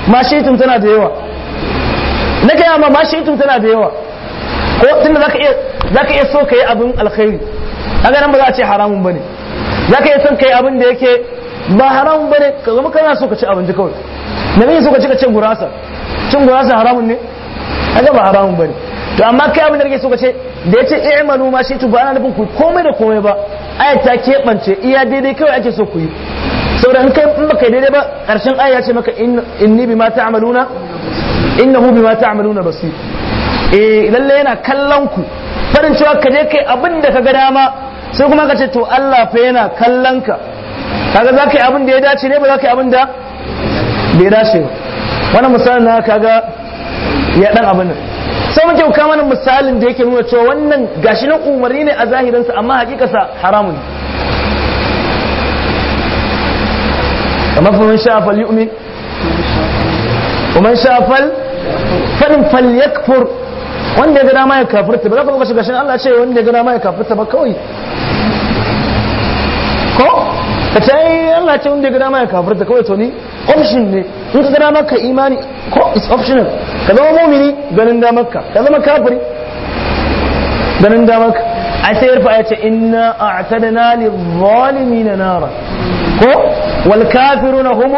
ma shi tun tana da yawa na kai amma ma shi tun tana da yawa ko tunda zaka iya zaka iya so yi abin alkhairi kaga nan ba za a ce haramun ba ne. za ka son kai abin da yake ba haramun ba ne ka zama kana so ka ci abinci kawai na ne so ka ci ka ce gurasa cin gurasa haramun ne aga ba haramun ba ne to amma kai abin da kake so ka ce da ya ce i'malu ma shi ba ana nufin ku komai da komai ba ayat ta bance iya daidai kawai ake so ku yi saboda in kai in baka daidai ba karshen aya ce maka inni bima ta'maluna innahu bima ta'maluna basir eh lalle yana kallon ku farin cewa ka je kai abin da ka ga dama sai kuma ka ce to Allah fa yana kallon ka kaga za ka yi abin da ya dace ne ba za ka yi abin da bai dace ba wannan misalin na kaga ya dan abin nan sai muke kawo mana misalin da yake nuna cewa wannan gashi na umarni ne a sa amma sa haramun kamar fa man sha'a yu'min wa man sha'a fal fal yakfur wanda ya gada ma ya kafirta ba za ka ba shi gashin Allah ce wanda ya gada ma ya kafirta ba kawai ko ka ce ai Allah ce wanda ya gada ma ya kafirta kawai to ni option ne in ka ga dama imani ko is optional ka zama mumini ganin damar ka ka zama kafiri ganin damar ka ai sai yarfa ya ce inna a'tadna lil zalimin nara ko wal kafiruna hum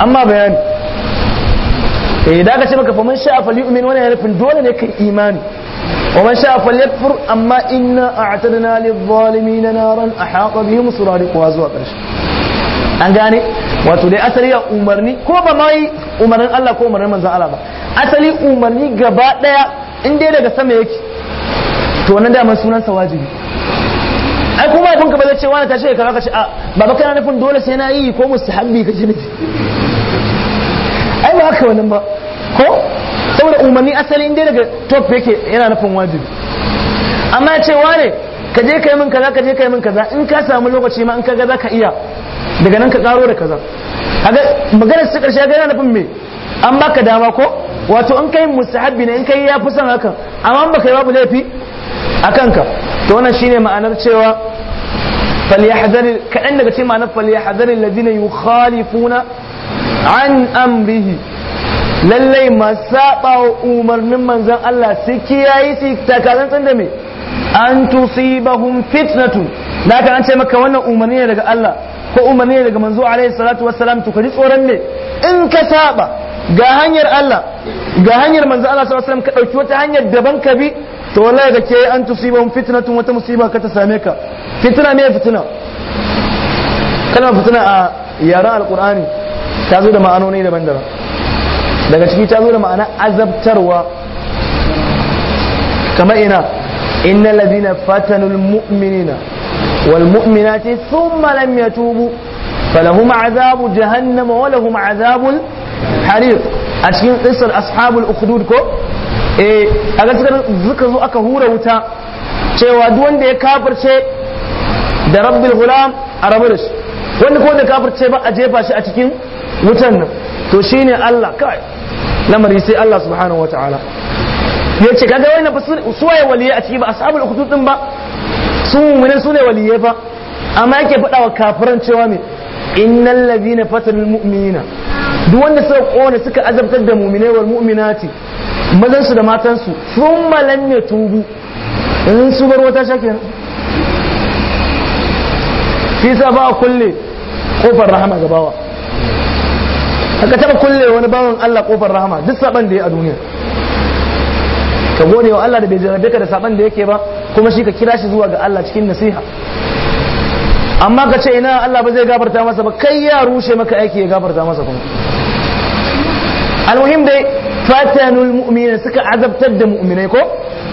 amma bayani eh da aka ce maka faman sha'a falyu'min wannan yana nufin dole ne kai imani wa man sha'a falyakfur amma inna a'tadna lidh-dhalimin naran ahata bihim wa zuwa karshe an gane wato dai asali ya umarni ko ba ma yi umarnin Allah ko umarnin manzon Allah ba asali umarni gaba daya in dai daga sama yake to wannan da man sunan sa wajibi ai kuma abin ka ba zai ce wani tashi ka ka ce a baba kana nufin dole sai na yi ko mustahabbi ka ce za wani ba ko saboda umarni asali inda daga top yake yana nufin wajibi amma ce wane ka je kai min kaza ka je kai min kaza in ka samu lokaci ma in ka ga ka iya daga nan ka karo da kaza aga maganar su karshe ga yana nufin me an baka dama ko wato in kai mustahabbi ne in kai ya fi son hakan amma ba kai babu laifi a kanka to wannan shine ma'anar cewa فليحذر كأنك تسمع فليحذر الذين يخالفون an أمره lallai masu saba wa umarnin manzon Allah su kiyayi su takarantar da me an tusibahum fitnatu da aka an ce maka wannan umarni ne daga Allah ko umarni ne daga manzo alaihi salatu wassalam to ka ji tsoron ne. in ka saba ga hanyar Allah ga hanyar manzo Allah sallallahu alaihi wasallam ka dauki wata hanyar daban ka bi to wallahi ga ke an tusibahum fitnatu wata musiba ka ta same ka fitna me fitna kalmar fitna a yaran alqur'ani ta zo da ma'anoni daban-daban daga ciki ta zo da ma'ana azabtarwa kamar ina innal ladina fatanul mu'minina wal mu'minati thumma lam yatubu falahum azabu jahannama wa lahum azabul harir a cikin qissar ashabul ukhdud ko eh aga suka zo aka hura wuta cewa duk wanda ya kafirce da rabbil gulam a rabu da shi wanda ko da kafirce ba a jefa shi a cikin wutan nan to shine Allah kai lamari sai Allah subhanahu wataala ya ce kaga wani ba su waye waliyai a ciki ba ashabul ukhdud din ba su mu'minin su ne waliyai fa? amma yake faɗa wa kafiran cewa me innal ladina fatanul mu'minina duk wanda suka kona suka azabtar da mu'minai wal mu'minati mazan su da matan su thumma lam yatubu in su bar wata shakin fi sa ba kulle kofar rahama gabawa haka taba kulle wani bawan Allah kofar rahama duk saban da ya a duniya ka gode wa Allah da bai jarabe ka da saban da yake ba kuma shi ka kira shi zuwa ga Allah cikin nasiha amma ka ce ina Allah ba zai gafarta masa ba kai ya rushe maka aiki ya gafarta masa kuma almuhim dai fatanul mu'minin suka azabtar da mu'minai ko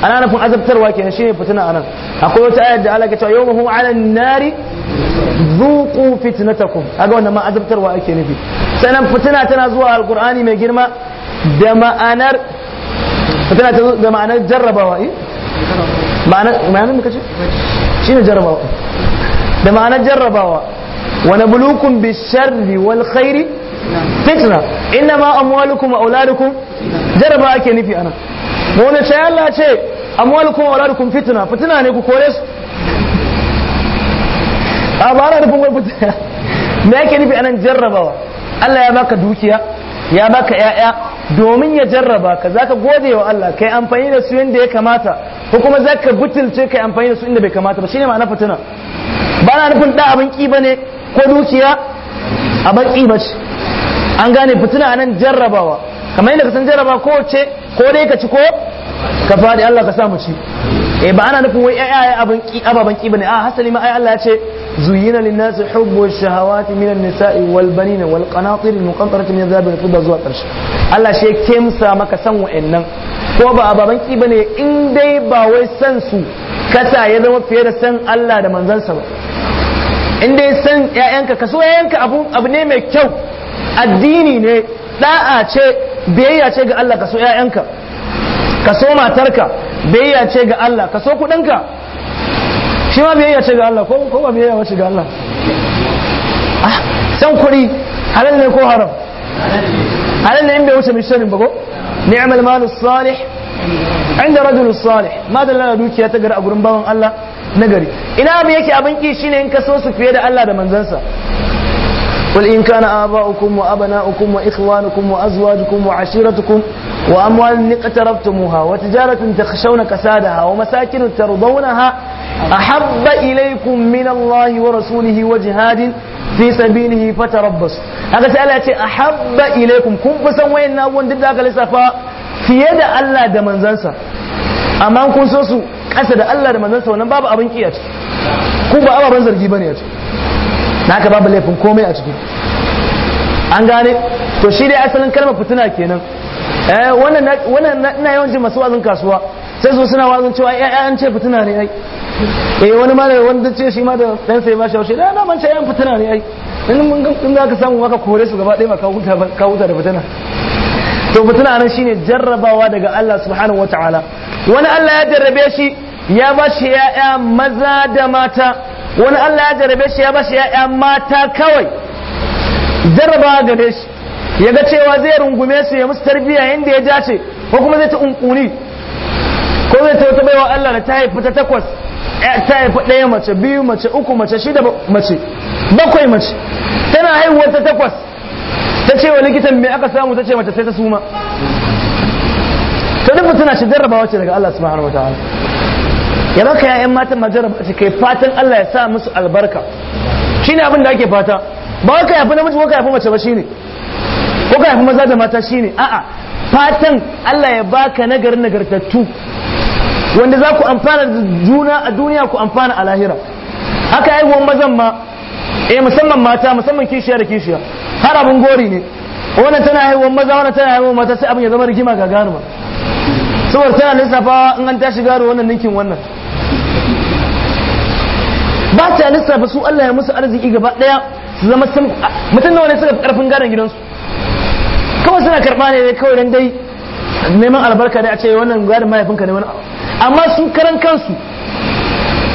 ana nufin azabtarwa kenan shine fitina anan akwai wata ayat da Allah ke cewa yawmahum 'alan nari zuqu fitnatakum kaga wannan ma azabtarwa ake nufi Sannan fitina tana zuwa alqur'ani mai girma da ma'anar fitina ta da ma'anar jarrabawa eh? ma'anar ma'anar me kace shine jarrabawa da ma'anar jarrabawa wa nabluukum bis-sharri wal khairi fitna innama amwalukum wa auladukum jarrabawa ake nufi ana mu ne sai Allah ce amwalukum wa auladukum fitna Fitna ne ku kore su a ba na nufin wai fitina me yake nufi anan jarrabawa Allah ya baka dukiya ya baka 'ya'ya, domin ya jarraba ka zaka gode wa Allah kai amfani da su yadda ya kamata ko kuma zaka butulce kai amfani da su inda bai kamata ba shine ma'ana fitina ba na nufin da abin ki bane ko dukiya a baki ba an gane fitina anan jarrabawa kamar yadda ka san jarraba ko ce ko dai ka ci ko ka fadi Allah ka sa mu ci eh ba ana nufin wai ayaye abin ababan bane a hasali ma ai Allah ya ce zuyina linnasi hubbu shahawati minan nisa'i wal banina wal qanatir al muqantarati min dhahabin fidda zuwa karshe Allah shi kemsa maka san wa'annan ko ba ababan bane in dai ba wai san su kasa ya zama fiye da san Allah da manzansa ba in dai san ƴaƴanka ka so ƴaƴanka abu abu ne mai kyau addini ne da'a ce biyayya ce ga Allah ka so ƴaƴanka ka so matarka biyayya ce ga Allah ka so kudinka shi ma biyayya ce ga Allah ko ba biyayya wace ga Allah ah, san kuri halal ne ko haram halal ne in bai wuce mishirin ba ko ni'mal malus salih inda rajul salih ma da lana dukiya ta gari a gurin bawan Allah nagari ina abin yake abin ki shine in ka so su fiye da Allah da manzansa قل إن كان آباؤكم وأبناؤكم وإخوانكم وأزواجكم وعشيرتكم وأموال اقترفتموها وتجارة تخشون كسادها ومساكن ترضونها أحب إليكم من الله ورسوله وجهاد fi sabilihi fatarabbas haka sai Allah ya ce ahabba ilaikum kun fi san wayannan abubuwan duk da aka lissafa fiye da Allah da manzansa amma kun so su kasa da Allah da manzansa babu ba ababen zargi bane yace naka babu laifin komai a ciki an gane to shi dai asalin kalmar fitina kenan eh wannan wannan ina yawan jin masu wazin kasuwa sai su suna wazin cewa eh, an ce fitina ne ai eh wani ma da ce shi ma da dan sai ba shi haushe eh, na man ce ai fitina ne ai in mun ga in zaka samu maka kore su gaba ɗaya ma ka huta ka huta da fitina to fitina nan shine jarrabawa daga Allah subhanahu wataala wani Allah ya jarrabe shi ya ba shi ya'ya maza da mata wani Allah ya jarabe shi ya bashi ya'ya mata kawai jarraba gare shi ya ga cewa zai rungume su ya musu tarbiyya inda ya jace ko kuma zai ta unkuni ko zai ta wata baiwa Allah da ta haifi ta takwas ta haifi ɗaya mace biyu mace uku mace shida mace bakwai mace tana haihuwar ta takwas ta ce wa likitan me aka samu ta ce mata sai ta suma to duk mutuna shi jarrabawa ce daga Allah subhanahu ta'ala ya baka yayan matan majarar a kai fatan Allah ya sa musu albarka shine abin da ake fata ba ka yafi namiji ko ka yafi mace ba shine ko ka yafi maza da mata shine a'a fatan Allah ya baka nagarin nagartattu wanda za ku amfana da juna a duniya ku amfana a lahira haka haihuwan mazan ma eh musamman mata musamman kishiya da kishiya har abin gori ne wannan tana haihuwan maza wannan tana haihuwan mata sai abin ya zama rigima ga gagaruma saboda tana lissafawa in an tashi shiga wannan ninkin wannan ba ta lissafa su Allah ya musu arziki gaba daya su zama sun mutum nawa ne suka karfin gadon gidansu kawai suna karba ne kawai dan dai neman albarka ne a ce wannan gadon mahaifinka ne wani amma su karan kansu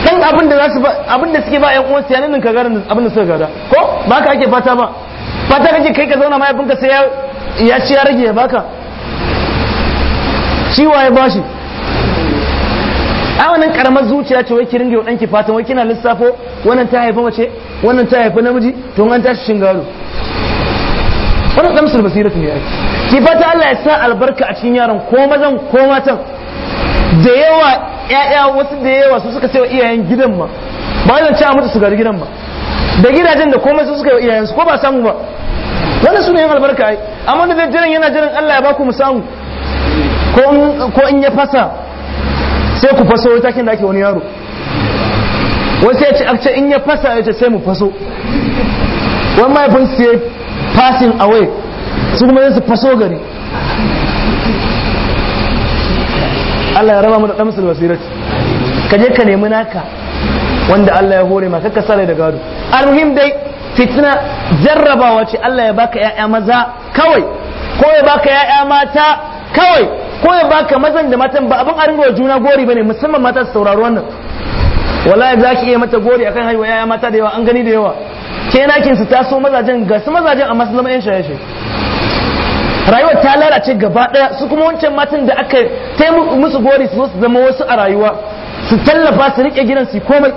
dan abin da za su abin da suke ba ƴan uwansu yanin ka garin abin da suka gada ko ba ka ake fata ba fata kake kai ka zauna mahaifinka sai ya ci ya rage ya baka shi waye bashi a wannan karamar zuciya ce wai kiringe wa danki fatan wai kina lissafo wannan ta haifi mace wannan ta haifi namiji to an tashi shingalo wannan dan musul basiratu ne ai ki fata Allah ya sa albarka a cikin yaron ko mazan ko matan da yawa ya'ya wasu da yawa su suka sayo iyayen gidan ma ba zan ci a mutu su gari gidan ba da gidajen da komai su suka yi iyayen su ko ba samu ba ne yin albarka ai amma da jiran yana jiran Allah ya baku mu samu ko in ya fasa sai ku faso takin da ake wani yaro wasu ya ce akce in ya fasa ya ce sai mu faso wani mahaifin su ya passing away su kuma su faso gari Allah ya raba mu da damsul basirati ka je ka nemi naka wanda Allah ya hore ma kakka sare da gado almuhim dai fitna jarrabawa ce Allah ya baka ya'ya maza kawai ko ya baka ya'ya mata kawai ko ya baka mazan da matan ba abin a ringa juna gori bane musamman matan sauraro wannan wallahi za ki iya mata gori akan haihuwa yaya mata da yawa an gani da yawa ke nakin su taso mazajen ga su mazajen amma su zama yan shaye shaye rayuwar ta lalace gaba daya su kuma wancan matan da aka ta musu gori su su zama wasu a rayuwa su tallafa su rike gidan su komai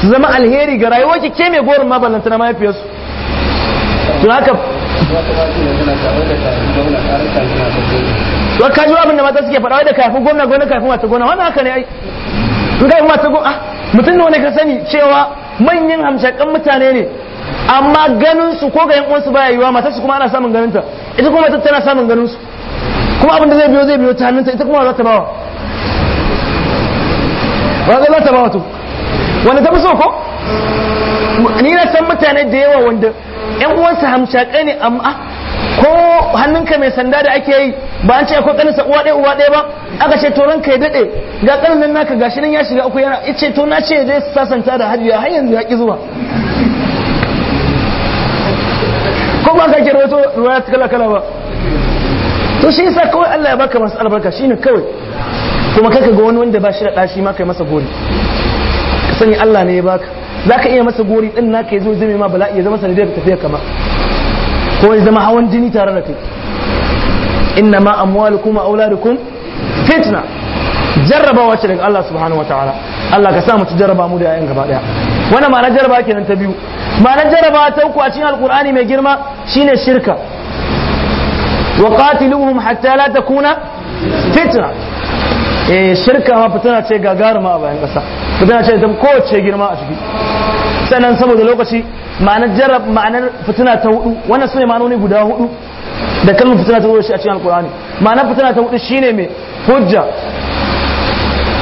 su zama alheri ga rayuwar ki ke mai gorin ma ballantana mahaifiyarsu to haka wa kaji wa abinda mata suke faɗa da kafin gwamna gwamna kafin masu gona wani haka ne ai in kafin masu gona ah, mutum ne wani ka sani cewa manyan hamshakan mutane ne amma ganin su ko ga yan uwansu baya yiwa mata su kuma ana samun ganin ta ita kuma matar tana samun ganin su kuma abin da zai biyo zai biyo ta hannunta ita kuma za ta bawa ba za ta bawa to wanda ta fi so ko ni na san mutane da yawa wanda yan uwansa hamshaƙe ne amma ah, ko hannunka mai sanda da ake yi ba an ce akwai kaninsa uwa ɗaya uwa ɗaya ba aka ce to ka ya daɗe ga kanin nan naka gashi nan ya shiga uku yana ice ce to na ce zai sasanta da hajji har yanzu ya ƙi zuwa ko ba ka kira wato ruwa kala kala ba to shi yasa kawai Allah ya baka masu albarka shine kawai kuma kai ka ga wani wanda ba shi da ɗashi ma kai masa gori ka sani Allah ne ya baka zaka iya masa gori din naka yazo zai ma bala'i ya zama sanadiyar tafiyar ka ko ya zama hawan jini tare da kai inna ma amwalukum wa auladukum fitna jarrabawa daga Allah subhanahu wataala Allah ka sa mu jarraba mu da yayin gaba daya wannan ma'anar jarraba kenan ta biyu ma'anar jarraba ta uku a cikin alqur'ani mai girma shine shirka wa qatiluhum hatta la takuna fitna eh shirka ma fitina ce gagaruma a bayan kasa fitina ce ta kowace girma a ciki sannan saboda lokaci ma'anar jarab ma'anar fitina ta hudu wannan sune ma'anoni guda hudu da kalmar fitina ta hudu shi a cikin alƙurani ma'anar fitina ta hudu shine mai hujja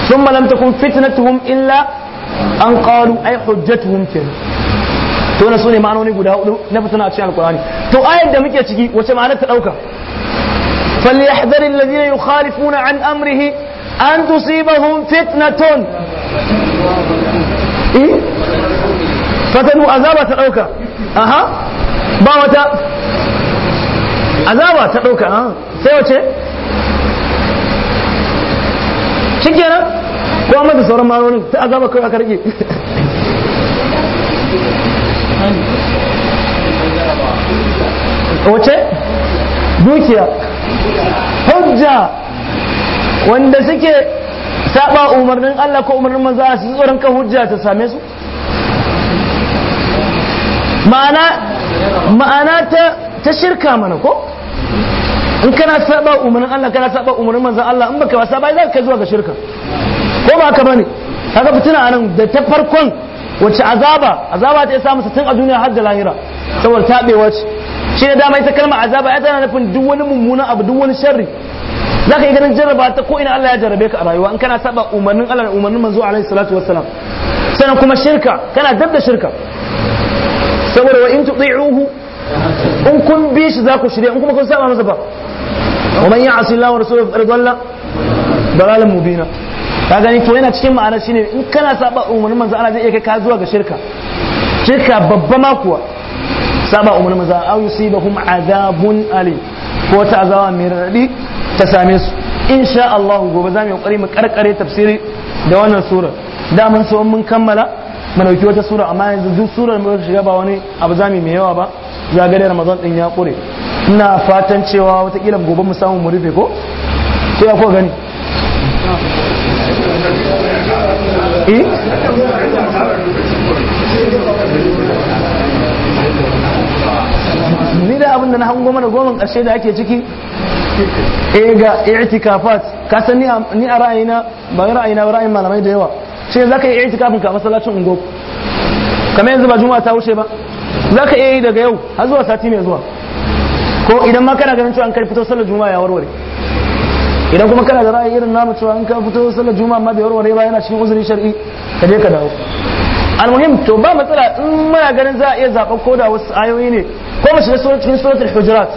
sun malam ta kun فتنتهم إلا أن قالوا أي حجتهم كذا to na sune ma'anoni guda hudu na fitina a cikin alƙurani to ayar da muke ciki wace ma'anar ta dauka falyahdharil ladina yukhalifuna an amrihi أن تصيبهم فتنة إيه؟ فتنوا أزابة تدوكا أها باوتا أزابة تدوكا أها سيوتي شكرا ko mata sauran manonin ta azaba kawai aka rage wace dukiya hujja wanda suke saba umarnin Allah ko umarnin maza su tsoron kan hujja ta same su ma'ana ma'ana ta ta shirka mana ko in kana saba umarnin Allah kana saba umarnin maza Allah in baka wasa bai za ka zuwa ga shirka ko ba ka bane kaga fitina anan da ta farkon wacce azaba azaba ta samu tun a duniya har da lahira saboda tabewa ce shi ne dama ita kalmar azaba ya tana nufin duk wani mummunan abu duk wani sharri za ka yi ganin jarraba ta ko ina Allah ya jarrabe ka a rayuwa in kana saba umarnin Allah umarnin manzo alaihi salatu wassalam sannan kuma shirka kana dab da shirka saboda wa in tuti'uhu in kun bi shi za ku shirya in kuma kun saba masa ba wa man ya'si Allah wa rasulahu faqad dalla dalalan mubina ka gani to yana cikin ma'ana shine in kana saba umarnin manzo Allah zai iya kai ka zuwa ga shirka shirka babba ma kuwa saba umarnin manzo aw yusibahum azabun alim ko ta azaba mai radadi ta same su in sha Allah gobe za mu yi ƙwari mu karkare tafsiri da wannan sura da mun so mun kammala mu dauki wata sura amma yanzu duk surar mu shiga ba wani abu zamu mai yawa ba za ga da Ramadan din ya kure ina fatan cewa kila gobe mu samu mu rufe ko sai ya ko gani eh? ni da abin da na hango mana goma ƙarshe da ake ciki eh ga i'tikafat ka san ni ni a ra'ayina ba ra'ayina ba ra'ayin malamai da yawa ce zaka yi i'tikafin ka masallacin ungo kamar yanzu ba juma'a ta wuce ba zaka iya yi daga yau har zuwa sati mai zuwa ko idan ma kana ganin cewa an kai fito sallar juma'a ya warware idan kuma kana da ra'ayi irin namu cewa an kai fito sallar juma'a ma bai warware ba yana cikin uzuri shar'i ka je ka dawo almuhim to ba matsala in muna ganin za a iya zaɓa ko da wasu ayoyi ne ko mu shiga cikin suratul hujurat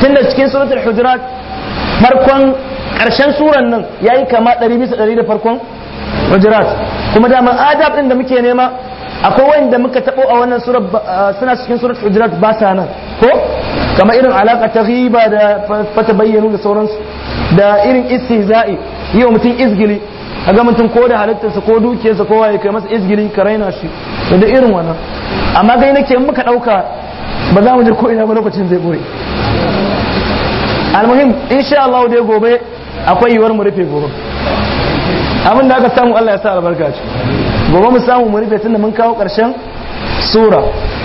tunda cikin suratul hujurat farkon karshen suran nan yayi kama 100 bisa 100 da farkon hujurat kuma da adab din da muke nema akwai wanda muka tabo a wannan sura suna cikin suratul hujurat ba sa nan ko kama irin alaka ta ghiba da fata bayyanu da sauransu da irin istihza'i yi wa mutum izgili a ga mutum ko da halittarsa ko dukiyarsa ko waye kai masa izgili ka raina shi da irin wannan amma gai nake muka dauka ba za mu je ko ina ba lokacin zai bure almuhim insha Allah dai gobe akwai yiwuwar mu rufe gobe abin da aka samu Allah ya sa albarka ci gobe mu samu mu rufe tunda mun kawo karshen sura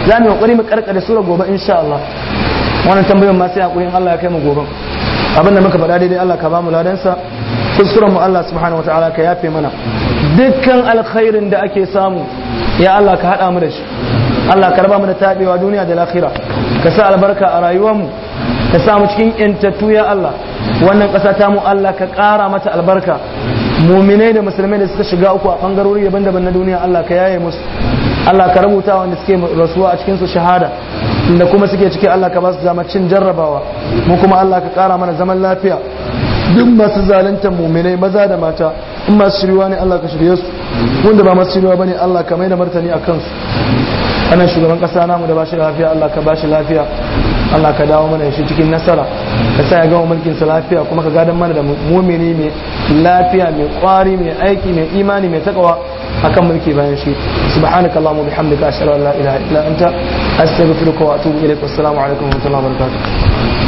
za mu kokari mu karkare sura gobe insha Allah wannan tambayoyin ma sai hakurin Allah ya kai mu gobe abin da muka faɗa daidai Allah ka ba mu ladansa kusuran mu Allah subhanahu wataala ka yafe mana dukkan alkhairin da ake samu ya Allah ka hada mu da shi Allah ka raba mu da tabewa duniya da lafira ka sa albarka a rayuwar mu ka sa mu cikin yantattu ya Allah wannan ƙasa ta mu Allah ka ƙara mata albarka muminai da musulmai da suka shiga uku a bangarori daban-daban na duniya Allah ka yaye musu Allah ka rubuta wanda suke rasuwa a cikin su shahada inda kuma suke ciki Allah ka ba su zama cin jarrabawa mu kuma Allah ka ƙara mana zaman lafiya duk masu zalunta muminai maza da mata in masu shiriwa ne Allah ka shirye su wanda ba masu shiriwa bane Allah ka mai da martani a kansu wannan shugaban kasa namu da bashi lafiya Allah ka bashi lafiya Allah ka dawo mana shi cikin nasara ka sa ya gama mulkin sa lafiya kuma ka gadan mana da mumini mai lafiya mai kwari mai aiki mai imani mai takawa akan mulki bayan shi subhanaka allahumma bihamdika ashhadu an la ilaha illa anta astaghfiruka wa atubu ilaik assalamu alaikum wa rahmatullahi wa barakatuh